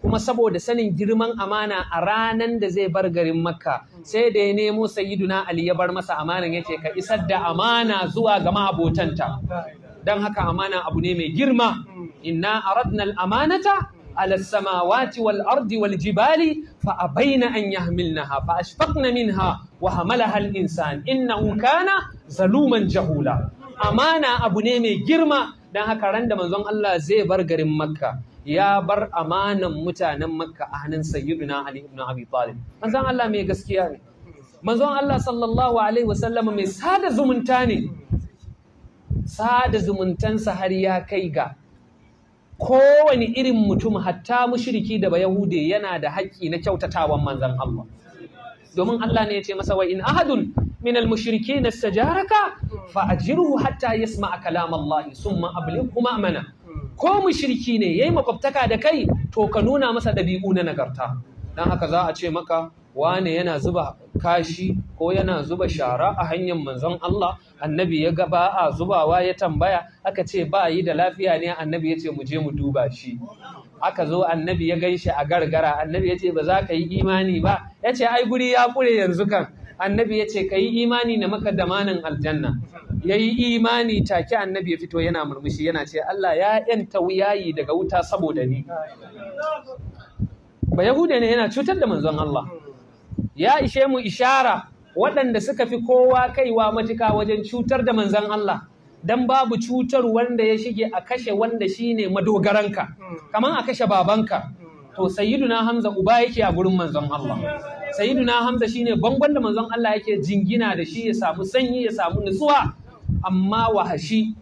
kuma saboda sanin girman amana a ranan da zai bar garin makka sai da ya nemo sayyiduna ali ya bar masa amanan yace ka isar da amana zuwa ga ma'abotanta don haka amana abu ne mai girma mm. inna aradna al-amanata على السماوات والأرض والجبال فأبين أن يحملنها فأشفقن منها وحملها الإنسان إنه كان ظلوما جهولا أمانة أبو نيمي girma. dan haka ran da manzon Allah zai bar garin Makka ya bar amanan mutanen Makka a hannun Sayyidina Ali ibn Abi Talib Allah mai gaskiya ne manzon Allah sallallahu alaihi wasallam mai sada zumunta ne sada zumuntansa har ya kai ga kowane irin mutum hatta mushriki da bayahude yana da haƙƙi na kyautatawan manzan Allah domin Allah ne ya ce masa wa in ahadun min al-mushrikin sajaraka fa ajirhu hatta yasma'a kalam Allah summa ablighu ma'mana ko mushriki ne yayi makwabtaka da kai to ka nuna masa dabi'u na nagarta dan haka za a ce maka wane yana zuba kashi ko yana zuba shara a hanyar manzon Allah annabi ya ga a zubawa ya tambaya aka ce ba yi da lafiya ne annabi ya ce mu je mu duba shi aka zo annabi ya shi a gargara annabi ya ce ba za ka yi imani ba ya ce ai guri ya kure yanzu kan annabi ya ce ka yi imani na maka damanin aljanna ya yi imani take annabi ya fito yana murmushi yana ce Allah ya yanta wuyayi daga wuta saboda ni ba yahuda ne yana cutar da manzon Allah ya ishe mu ishara waɗanda suka fi kowa kaiwa matuka wajen cutar da manzan Allah dan babu cutar wanda ya shige a kashe wanda shine madogaranka kamar a kashe babanka to na hamza uba yake a gurin manzon Allah sayyiduna hamza shine bangon da manzon Allah yake jingina da shi ya samu sanyi ya samu nutsuwa amma wahashi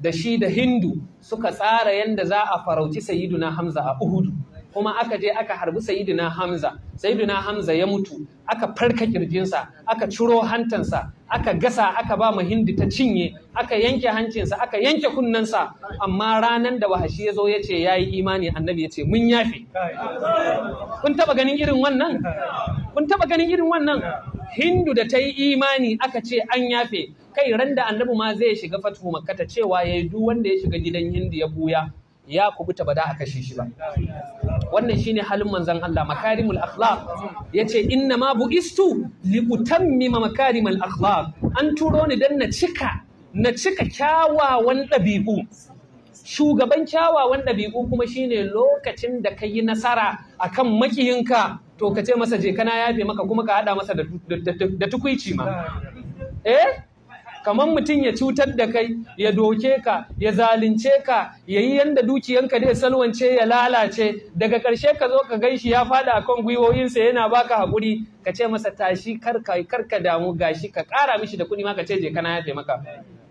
da shi da hindu suka tsara yadda za a farauci na hamza a uhudu kuma aka je aka harbi sayyidina hamza sayyidina hamza ya mutu aka farka kirjinsa aka ciro hantansa aka gasa aka ba hindi ta cinye aka yanke hancinsa aka yanke kunnensa amma ranan da wahashi ya zo ya ce ya yi imani annabi ya ce mun yafe kun taba ganin irin wannan kun taba ganin irin wannan hindu da ta yi imani aka ce an yafe kai ran da annabi ma zai shiga fatuhu makkata cewa yayi duk wanda ya shiga gidan hindu ya buya ya kubuta ba da a kashe shi ba wannan shine halin manzon Allah makarimul akhlaq yace inna ma buistu li utammima makarimul akhlaq an turo ni dan na cika na cika kyawawan dabi'u shugaban kyawawan dabi'u kuma shine lokacin da kai nasara akan makiyinka to ka ce masa je kana yafe maka kuma ka hada masa da tukuici ma eh kamar mutum ya cutar da kai ya doke ka ya zalunce ka ya yi yanda dukiyanka dai salwance ya lalace daga ƙarshe ka zo ka gaishi ya a kan gwiwoyinsa yana baka haƙuri ka ce masa tashi karka ka damu gashi ka ƙara mishi da kuɗi ma ka ce je kana ya taimaka.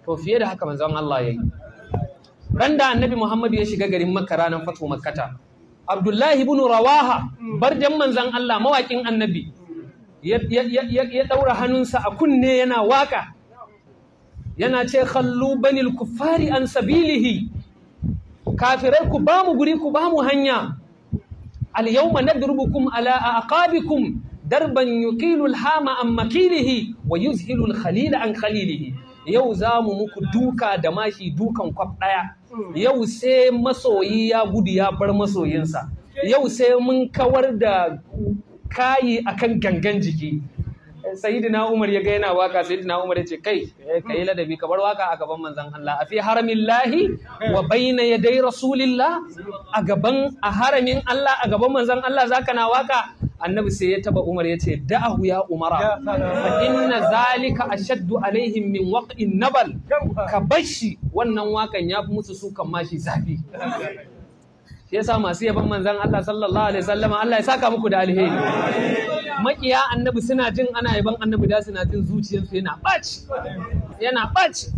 to fiye da haka manzon Allah ya yi ran da annabi Muhammadu ya shiga garin Makka ranar fatu Makkata Abdullahi ibn Rawaha barjan manzon Allah mawakin annabi ya ɗaura hannunsa a kunne yana waka yana ce khallu banil kufari an sabilihi kafirai ku ba mu guri ku ba mu hanya al yawma nadrubukum ala aqabikum darban yuqilu al hama an makilihi wa yuzhilu al khalila an khalilihi yau za mu muku duka da mashi dukan kwaf ɗaya yau sai masoyi ya gudu ya bar masoyinsa yau sai mun kawar da kayi akan gangan jiki sayyidina Umar ya ga yana waka sayyidina Umar ya ce kai eh, kai ladabi ka bar waka a gaban manzon Allah a fi haramillahi wa baina dai rasulillah a gaban a haramin Allah a gaban manzon Allah zaka na waka annabi sai ya taba Umar ya ce da'ahu ya Umara fa inna zalika ashaddu alaihim min waqin nabal ka bashi wannan wakan ya fi musu sukan mashi zafi ya sa masu yaban manzan Allah sallallahu alaihi sallama. Allah ya saka muku da alheri makiya annabi suna jin ana yaban annabi da suna jin zuciyarsu yana ɓaci yana ɓaci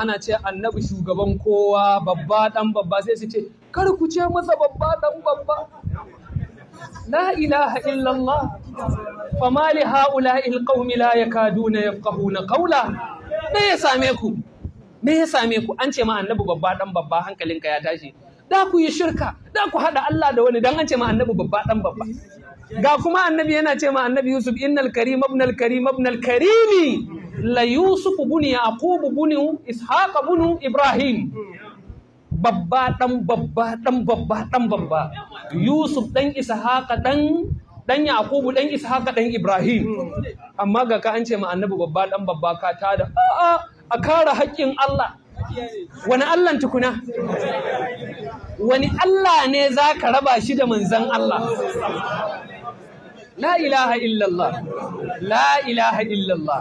ana ce annabi shugaban kowa babba dan babba sai su ce kar ku ce masa babba dan babba la ilaha illallah fama li haula'il qaumi la yakaduna yafqahuna qawla me ya same ku me ya same ku an ce ma annabi babba dan babba hankalinka ya tashi da ku yi shirka da ku haɗa Allah da wani dan an ce ma annabi babba dan babba ga kuma annabi yana ce ma annabi Yusuf innal karim ibn al karim ibn al karimi la Yusuf ibn Yaqub ibn Ishaq ibn Ibrahim babba dan babba dan babba dan babba Yusuf dan Ishaq dan dan Yaqubu dan Ishaq dan Ibrahim amma ga ka an ce ma annabi babba dan babba ka tada a'a a kare haƙƙin Allah wani Allah tukuna wani Allah ne za ka raba shi da manzan Allah la ilaha illallah la ilaha illallah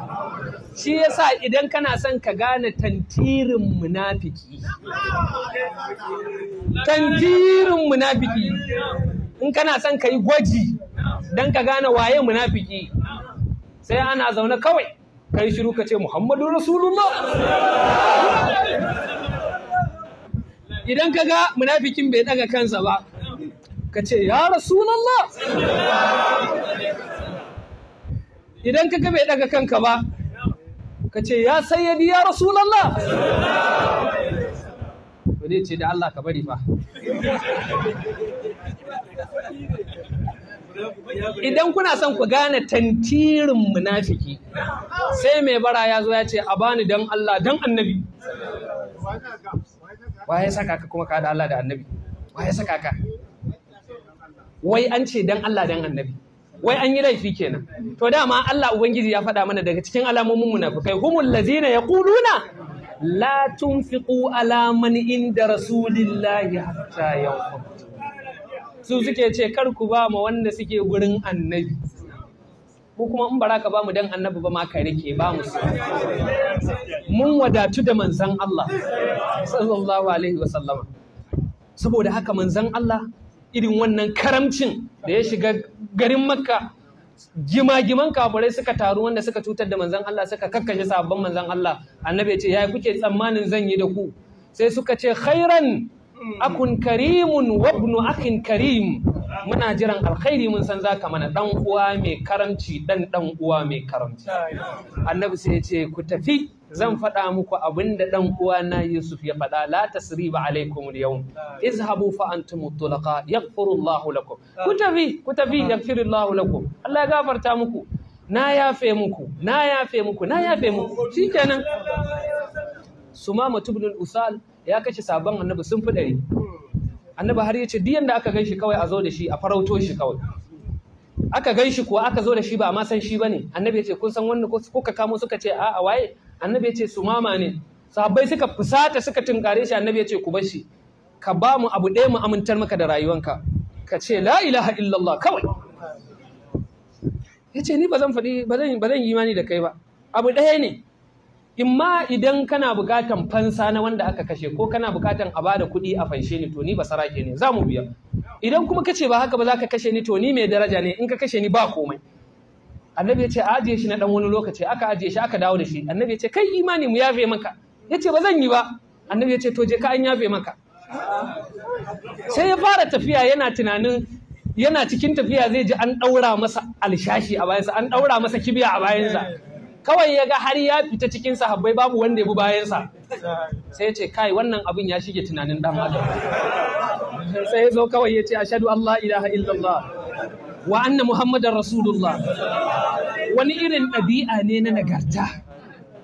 shi yasa idan kana son ka gane tantirin munafiki tantirin munafiki in kana son ka yi gwaji don ka gane waye munafiki sai ana zaune kawai kai shiru ka ce muhammadu rasulullah idan ka ga munafikin bai daga kansa ba ka ce ya rasulallah idan ka ga bai daga kanka ba ka ce ya sayyadi ya rasulallah ba zai ce da Allah ka bari ba idan kuna son ku gane tantirin munafiki sai mai bara ya zo ya ce a bani don Allah don annabi wa ya saka ka kuma ka da Allah da annabi wa ya saka ka wai an ce dan Allah dan annabi wai an yi laifi kenan to dama Allah ubangiji ya faɗa mana daga cikin alamomin munafikai humul ladina yaquluna la tunfiqu ala man inda rasulillahi hatta yawm su suke ce kar ku ba mu wanda suke gurin annabi ko kuma in baraka ba mu dan annabi ba ma kai rike ba mu mun wadatu da manzan Allah sallallahu alaihi sallama. saboda haka manzan Allah irin wannan karamcin da ya shiga garin makka gima-giman kafurai suka taru wanda suka cutar da manzan Allah suka kakkashe sabon manzan Allah annabi ce ya kuke tsammanin zan yi da ku sai suka ce khairan akun karimun wabnu akin karim muna jiran alkhairi mun san zaka mana dan uwa mai karamci dan dan uwa mai karamci annabi sai ya ce ku tafi zan faɗa muku abin da ɗan uwana Yusuf ya faɗa la tasriba alaikum al izhabu fa antum tulqa yaghfiru Allah lakum ku tafi ku tafi yaghfiru Allah lakum Allah ya gafarta muku na yafe muku na yafe muku na yafe muku shikenan suma ibn al-Usal ya kace sabon annabi sun fi ɗari annabi har yace diyan da aka ganshi kawai a zo da shi a farauto shi kawai aka ganshi kuwa aka zo da shi ba a ma san shi bane annabi yace kun san wannan kuka kamo suka ce a'a waye annabi ya ce su mama ne sahabbai suka fusata suka tunkare shi annabi ya ce ku bashi ka ba mu abu ɗaya mu amintar maka da rayuwanka ka ce la ilaha illallah kawai ya ce ni ba zan faɗi ba zan yi imani da kai ba abu ɗaya ne imma idan kana buƙatan fansa na wanda aka kashe ko kana buƙatan a bada kuɗi a fanshe ni to ni ba sarake ne za mu biya idan kuma ka ce ba haka ba za ka kashe ni to ni mai daraja ne in ka kashe ni ba komai annabi ya ce ajiye shi na dan wani lokaci aka ajiye shi aka dawo da shi annabi ya ce kai imani mu yafe maka ya ba zan yi ba annabi ya ce to je ka an yafe maka sai ya fara tafiya yana tunanin yana cikin tafiya zai ji an ɗaura masa alshashi a bayansa an ɗaura masa kibiya a bayansa kawai ya ga har ya fita cikin sahabbai babu wanda ya bi bayansa sai ya ce kai wannan abin ya shige tunanin dan adam sai ya zo kawai ya ce ashadu Allah ilaha illallah wa anna muhammadar rasulullah wani irin ɗabi'a ne na nagarta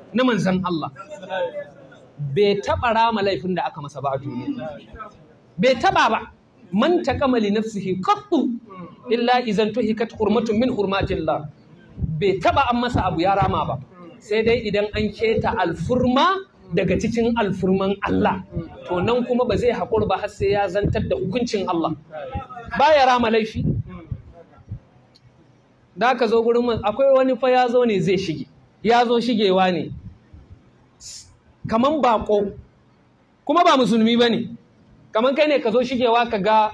na manzan Allah bai taɓa rama laifin da aka masa ba a duniya bai taɓa ba man taqama li nafsihi qattu illa tuhi tuhikat hurmatun min hurmatin la bai taɓa an masa abu ya rama ba sai dai idan an keta alfurma daga cikin alfurman Allah to nan kuma ba zai haƙur ba har sai ya zantar da hukuncin Allah ba ya rama laifi da ka zo gurin man akwai wani fa ya zo ne zai shige ya zo shigewa ne kaman bako kuma ba musulmi ba ne kaman kai ne ka zo shigewa ka ga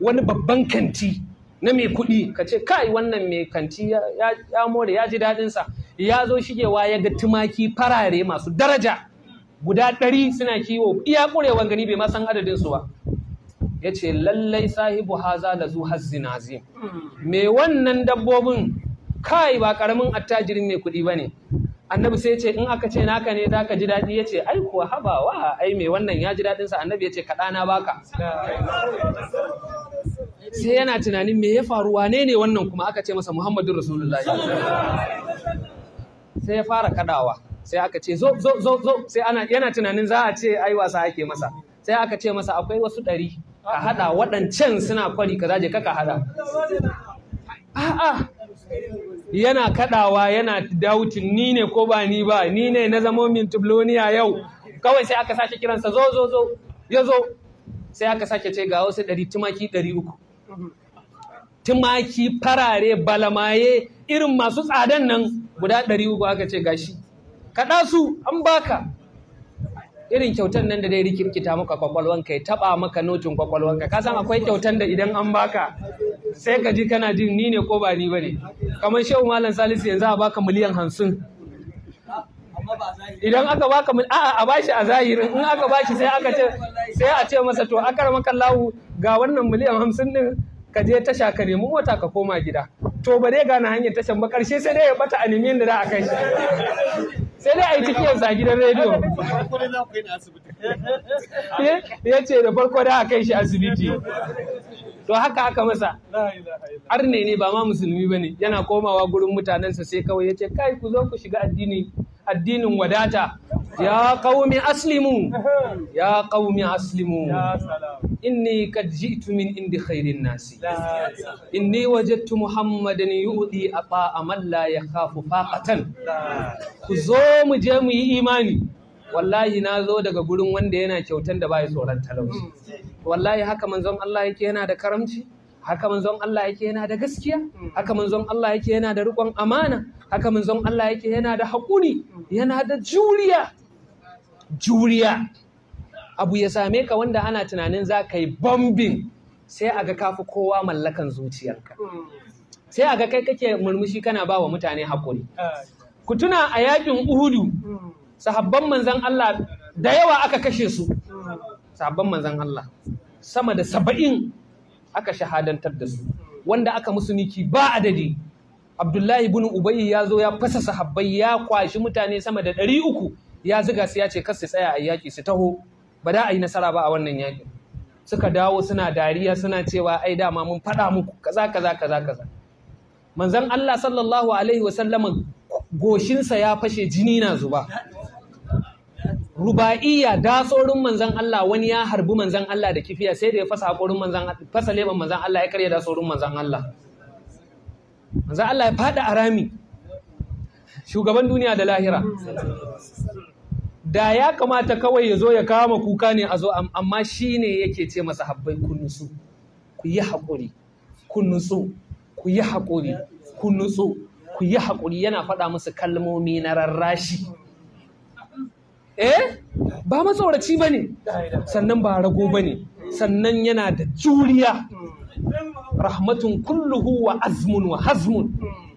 wani babban kanti na mai kuɗi ka ce kai wannan mai kanti ya more ya ji daɗinsa ya zo shigewa ya ga tumaki farare masu daraja guda ɗari suna kiwo iya ƙurewan gani bai ma san adadinsu ba ya ce lallai sahibu haza la zu hazzin Mai hmm. me wannan dabbobin kai ba karamin attajirin mai kuɗi ba ne annabi sai ce in aka ce naka ne za ka ji daɗi ya ce ai kuwa haba wa ai me wannan ya ji daɗinsa annabi ya ce kaɗa na baka sai yana tunanin me ya faru wane ne wannan kuma aka ce masa muhammadun rasulullah sai ya fara kaɗawa sai aka ce zo zo zo sai ana yana tunanin za a ce ai wasa ake masa sai aka ce masa akwai wasu ɗari ka hada waɗancan suna kwari ka zaje kaka hada a'a yana kadawa yana dautin ni ne ko ba ni ba ni ne na zamo min tubloniya yau kawai sai aka sake kiransa zo zo zo ya zo sai aka sake ce ga wasu ɗari tumaki ɗari uku tumaki farare balamaye irin masu tsadan nan guda ɗari uku aka ce gashi kaɗa su an baka irin kyautar nan da dai rikirkita maka kwakwalwanka ya taba maka notin kwakwalwanka ka san akwai kyautar da idan an baka sai ka ji kana jin ni ne ko ba ni bane kamar shehu malam salisu yanzu a baka miliyan hamsin idan aka baka a a bashi a zahirin in aka bashi sai aka ce sai a ce masa to akar maka lahu ga wannan miliyan hamsin din ka je tasha ka nemi mota ka koma gida to ba dai gane hanyar tashan ba karshe sai dai ya bata a nemi da za a kai shi sai dai a yi cikin a gidan rediyo ya ce da farko da a kai shi asibiti to haka aka masa arne ne ba ma musulmi ba ne yana komawa gurin mutanensa sai kawai ya ce kai ku zo ku shiga addini addinin wadata ya qaumi aslimu ya qaumi aslimu inni kad ji'tu min indi khairin nasi inni wajadtu muhammadan yu'di ata man la yakhafu faqatan ku zo mu je mu yi imani wallahi na zo daga gurin wanda yana kyautan da ba ya tsoron talauci wallahi haka manzon Allah yake yana da karamci haka manzon Allah yake yana da gaskiya haka manzon Allah yake yana da riƙon amana haka manzon Allah yake yana da haƙuri yana da juriya juriya abu ya same ka wanda ana tunanin za ka yi bambin sai a ga kafi kowa mallakan zuciyarka sai a ga kai kake murmushi kana ba wa mutane haƙuri ku tuna a yakin uhudu hmm. sahabban manzan Allah da yawa aka kashe su sahabban manzan Allah sama da saba'in aka shahadantar da su wanda aka musu niki ba adadi Abdullahi bin Ubayy ya zo ya fasa sahabbai ya kwashi mutane sama da ɗari uku ya ziga su ya ce kar su tsaya a yaki, su taho ba da a yi nasara ba a wannan yaƙi suka dawo suna dariya suna cewa ai dama mun faɗa muku kaza kaza kaza kaza manzon Allah sallallahu alaihi wasallam goshinsa ya fashe jini na zuba ruba'iyya da tsorin manzan Allah wani ya harbi manzan Allah da kifiya sai da ya fasa hakorin manzan fasa leban manzan Allah ya karya da tsorin manzan Allah manzan Allah ya fada arami shugaban duniya da lahira da ya kamata kawai ya zo ya kama kuka ne a zo amma shi ne yake ce masa habbai kun nutsu ku yi haƙuri kun nutsu ku yi haƙuri ku nutsu ku yi haƙuri yana faɗa musu kalmomi na rarrashi eh ba matsoraci ba ne sannan ba rago ba ne sannan yana da juriya rahmatun kulluhu wa azmun wa hazmun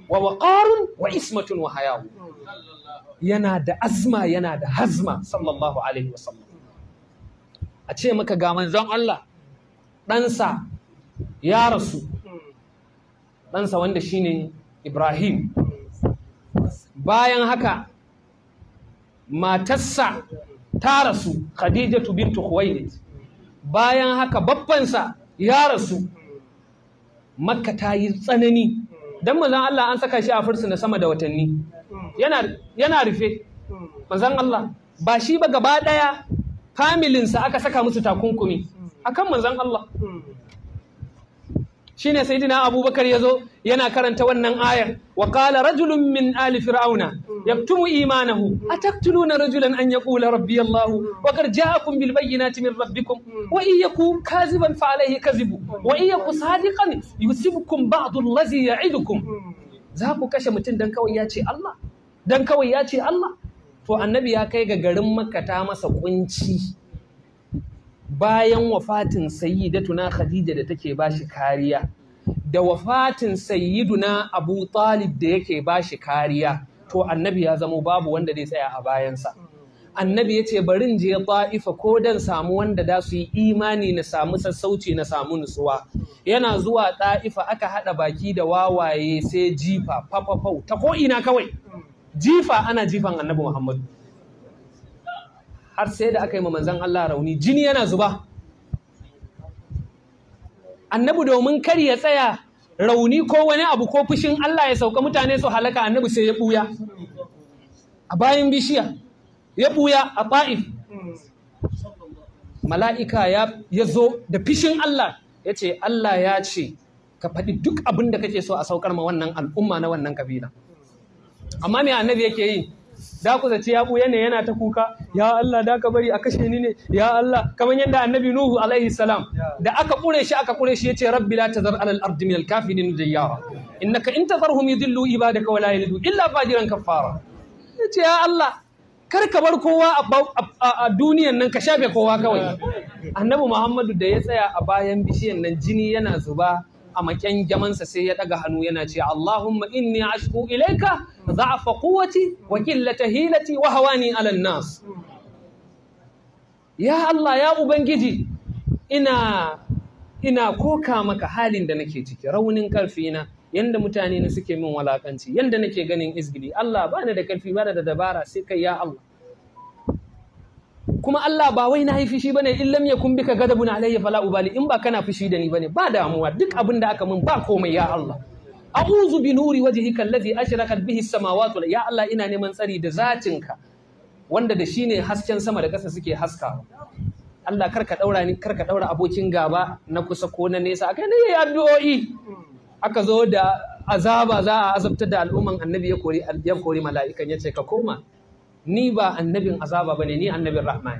wa waƙarun wa ismatun wa hayawu yana da azma yana da hazma sallallahu alaihi wasallam a ce maka ga manzon Allah ɗansa ya rasu ɗansa wanda shine Ibrahim bayan haka matarsa ta rasu khadijatu bintu khuwailid bayan haka babbansa ya rasu makka ta yi tsanani dan manzon Allah an saka shi a fursuna sama da watanni yana yana rufe manzon Allah ba shi ba gaba daya familinsa aka saka musu takunkumi akan manzon Allah shine sayyidina abubakar yazo yana karanta wannan ayar wa qala rajulun min ali fir'auna yaktumu imanahu ataqtuluna rajulan an yaqula rabbi allah wa qad ja'akum bil bayyinati min rabbikum wa in yakun kaziban fa alayhi kazibu wa in yakun sadiqan yusibukum ba'd allazi ya'idukum za ku kashe mutum dan kawai ya ce Allah dan kawai ya ce Allah to annabi ya kai ga garin makka ta masa kunci bayan wafatin na Khadija da take bashi kariya da wafatin sayyiduna Abu Talib da yake bashi kariya to annabi ya zamo babu wanda zai tsaya a bayansa annabi yace barin je ta'ifa ko dan samu wanda da su yi imani na samu sassauci na samu nutsuwa yana zuwa ta'ifa aka haɗa baki da wawaye sai jifa fafafau ta ko ina kawai jifa ana jifan annabi Muhammadu har sai da aka yi manzan Allah rauni jini yana zuba annabi domin kar ya tsaya rauni ko wani abu ko fushin Allah ya sauka mutane su halaka annabi sai ya buya a bayan bishiya ya buya a ba'if mala'ika ya zo da fushin Allah ya ce Allah ya ce ka faɗi duk abin da kake so a saukar ma wannan al'umma na wannan kabila amma mai annabi yake yi da ku zace ya buya ne yana ta kuka ya Allah da ka bari a kashe ni ne ya Allah kamar yadda annabi nuhu alaihi salam da aka kure shi aka kure shi yace rabbi la tazar alal ardi min al kafirin diyara innaka in tazarhum yudillu ibadaka wa la yalidu illa fajiran kaffara yace ya Allah kar ka bar kowa a duniyan nan ka shafe kowa kawai annabi muhammadu da ya tsaya a bayan bishiyan nan jini yana zuba a makyan sai ya ɗaga hannu yana ce Allahumma inni ashku ilaika za'afa quwwati wa qillata hilati wa hawani 'alan nas ya Allah ya ubangiji ina ina koka maka halin da nake ciki raunin karfi na yanda mutane na suke min walakanci yanda nake ganin izgili Allah bani da karfi bani da dabara sai kai ya Allah kuma Allah ba wai na yi fushi ne in ya kun bika gadabun alayya fala ubali in ba kana fushi da ni ba ne ba damuwa duk abin da aka mun ba komai ya Allah a'udhu bi nuri wajhika allazi ashraqat bihi samawati ya Allah ina neman tsari da zatinka wanda da shine hasken sama da ƙasa suke haskawa Allah kar ka daura ni kar ka daura abokin gaba na kusa ko na nesa akai ne ya addu'o'i aka zo da azaba za a azabta da al'umman annabi ya kori ya kori mala'ikan yace ka koma ni ba annabin azaba bane ni annabin rahma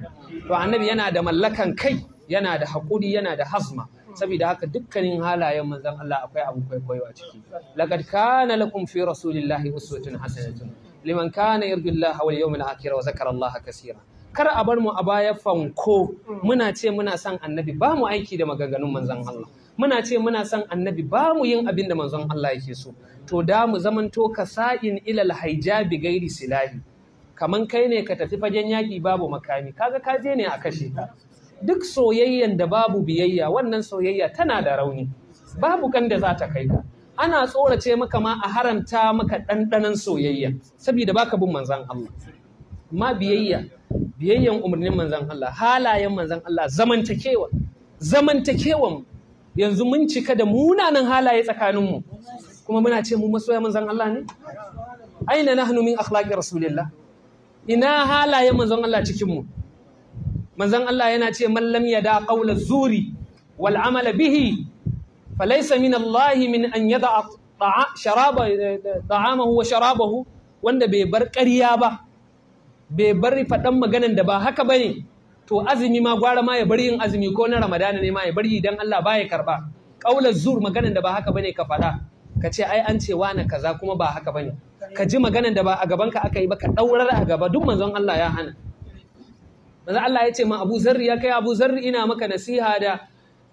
to annabi yana da mallakan kai yana da haƙuri yana da hazma saboda haka dukkanin halayen manzon Allah akwai abu kwaikwayo a ciki laqad kana lakum fi rasulillahi uswatun hasanatun liman kana yarjullaha wal yawmil akhir wa zakara Allah kaseera kar a bar mu a baya fanko muna ce muna son annabi ba mu aiki da maganganun manzon Allah muna ce muna son annabi ba mu yin abin da manzon Allah yake so to da mu zamanto sa'in ilal hijabi gairi silahi kaman kai ne ka tafi fagen yaƙi babu makami kaga ka je ne a kashe ka duk soyayyan da babu biyayya wannan soyayya tana da rauni babu kan da za ta kai ka ana tsorace maka ma a haramta maka ɗanɗanon soyayya saboda baka bin manzan Allah ma biyayya biyayyan umarnin manzan Allah halayen manzan Allah zamantakewa zamantakewan yanzu mun cika da munanan halaye tsakaninmu kuma muna ce mu masoya manzan Allah ne aina nahnu min akhlaqi rasulillah ina halayen manzon Allah cikinmu manzon Allah yana ce mallam ya da ƙaular zuri wal amala bihi falaisa min Allah min an yada sharaba ta'amahu wa sharabahu wanda bai bar ƙarya ba bai bar faɗan maganan da ba haka bane to azumi ma gwara ma ya bar yin azumi ko na ramadana ne ma ya yi dan Allah baya karba ƙaular zur maganan da ba haka bane ka faɗa ka ce ai an ce wani kaza kuma ba haka bane ka ji maganan da ba a gaban ka aka yi ba ka daurar a gaba duk manzon Allah ya hana manzon Allah ya ce ma Abu Zarri ya kai Abu Zarri ina maka nasiha da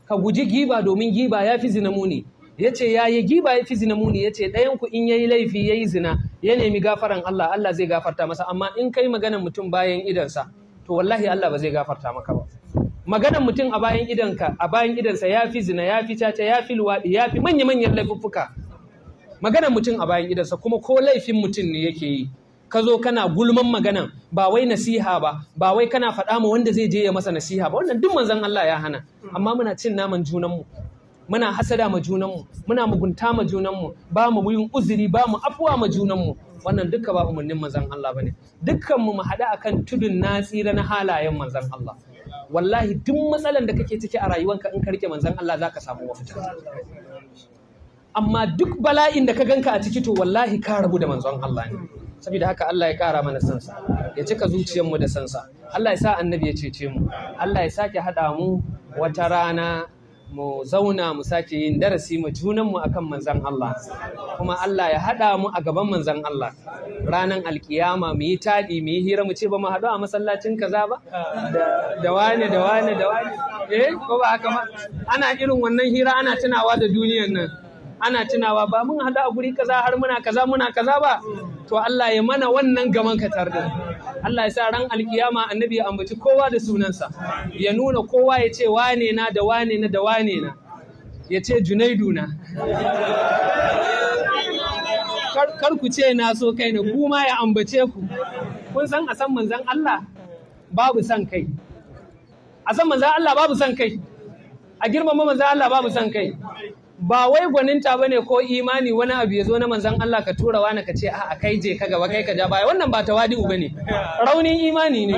ka guji giba domin giba ya fi zina muni ya ce ya yi giba ya fi zina muni ya ce ku in yayi laifi yayi zina ya nemi gafaran Allah Allah zai gafarta masa amma in kai maganan mutum bayan idansa to wallahi Allah ba zai gafarta maka ba maganan mutum a bayan idanka a bayan idansa ya fi zina ya fi caca ya fi luwaɗi ya fi manya-manyan laifuffuka maganar mutum a bayan idansa kuma ko laifin mutum ne yake yi ka zo kana gulman maganan ba wai nasiha ba ba wai kana faɗa ma wanda zai je ya masa nasiha ba wannan duk manzon Allah ya hana amma muna cin naman junanmu muna hasada ma junanmu muna mugunta ma junanmu ba mu muyin uzuri ba mu afuwa ma junanmu wannan duka ba umarnin manzon Allah bane dukkan mu mu haɗa akan tudun na tsira na halayen manzon Allah wallahi duk matsalan da kake ciki a rayuwanka in ka rike manzon Allah zaka samu mafita amma duk bala'in da ka ganka a ciki to wallahi ka rabu da manzon Allah ne saboda haka Allah ya kara mana sansa ya cika zuciyarmu da sansa Allah ya sa annabi ya cece mu Allah ya sake haɗa mu wata rana mu zauna mu sake yin darasi mu junanmu akan manzon Allah kuma Allah ya haɗa mu a gaban manzon Allah ranan alkiyama mu yi taɗi mu yi hira mu ce ba mu haɗu a masallacin kaza ba da wane da wane da wane eh ko ba haka ma ana irin wannan hira ana tunawa da duniyar nan ana tunawa ba mun hada a guri kaza har muna kaza muna kaza ba to Allah ya mana wannan gaman ka tarda Allah ya sa ran alkiyama annabi ya ambaci kowa da sunansa ya nuna kowa ya ce wane na da wane na da wane na ya ce junaidu na kar ku ce na so kai na ku ma ya ambace ku kun san a san manzan Allah babu san kai a san manzan Allah babu san kai a girmama manzan Allah babu san kai ba wai gwaninta ba ne ko imani wani abu ya zo na manzan Allah ka tura wani ka ce a kai je ka gaba kai ka ja baya wannan ba tawadi'u uba ne raunin imani ne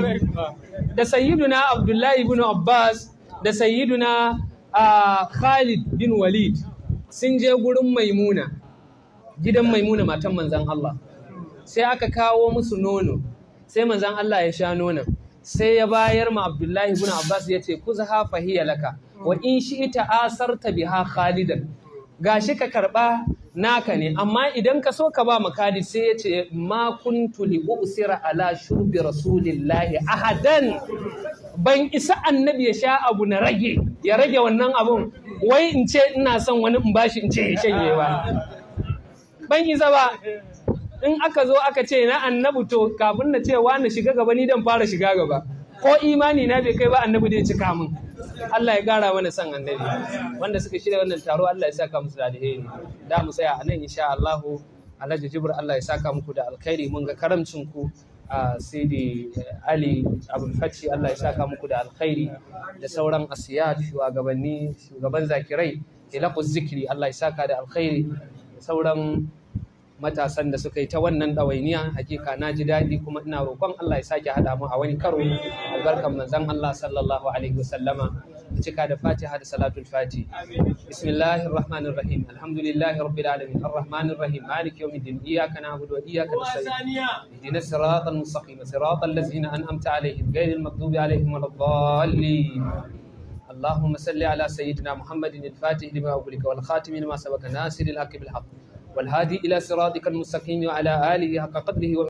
da sayyiduna abdullahi bin abbas da sayyiduna khalid bin walid sun je gurin maimuna gidan maimuna matan manzan Allah sai aka kawo musu nono sai manzan Allah ya sha nonon sai ya bayar ma Abdullahi ibn Abbas ya ce zaha fahiya laka wa in shi'ita asarta biha khalidan gashi ka karba naka ne amma idan ka so ka ba mu kadi sai ya ce ma kuntu li usira ala shurbi rasulillahi ahadan ban isa annabi ya sha abu na rage ya rage wannan abun wai in ce ina son wani in bashi in ce ya shanye ba ban isa ba in aka zo aka ce na annabu to kafin na ce wa na shiga gaba ni dan fara shiga gaba ko imani na bai kai ba annabi zai cika min Allah ya gara mana son annabi wanda suka shirya wannan taro Allah ya saka musu da alheri da mu tsaya a nan insha Allah Alhaji Jibril Allah ya saka muku da alkhairi mun ga karamcin ku Sidi eh, Ali Abulfaci Allah ya saka muku da alkhairi da sauran asiyat shugabanni shugaban zakirai ila zikiri Allah ya saka da alkhairi sauran matasan da suka yi ta wannan ɗawainiya hakika na ji daɗi kuma ina roƙon Allah ya sake haɗa mu a wani karo albarkan manzon Allah sallallahu alaihi wasallama cika da Fatiha da Salatul Fati bismillahir rahmanir rahim alhamdulillahi rabbil alamin arrahmanir rahim maliki yawmiddin iyyaka na'budu wa iyyaka nasta'in ihdinas siratal mustaqim siratal ladzina an'amta alaihim ghayril maghdubi alaihim waladdallin اللهم صل على سيدنا محمد الفاتح لما أغلق والخاتم لما سبق ناصر الحق بالحق والهادي إلى صراطك المستقيم وعلى آله حق قدره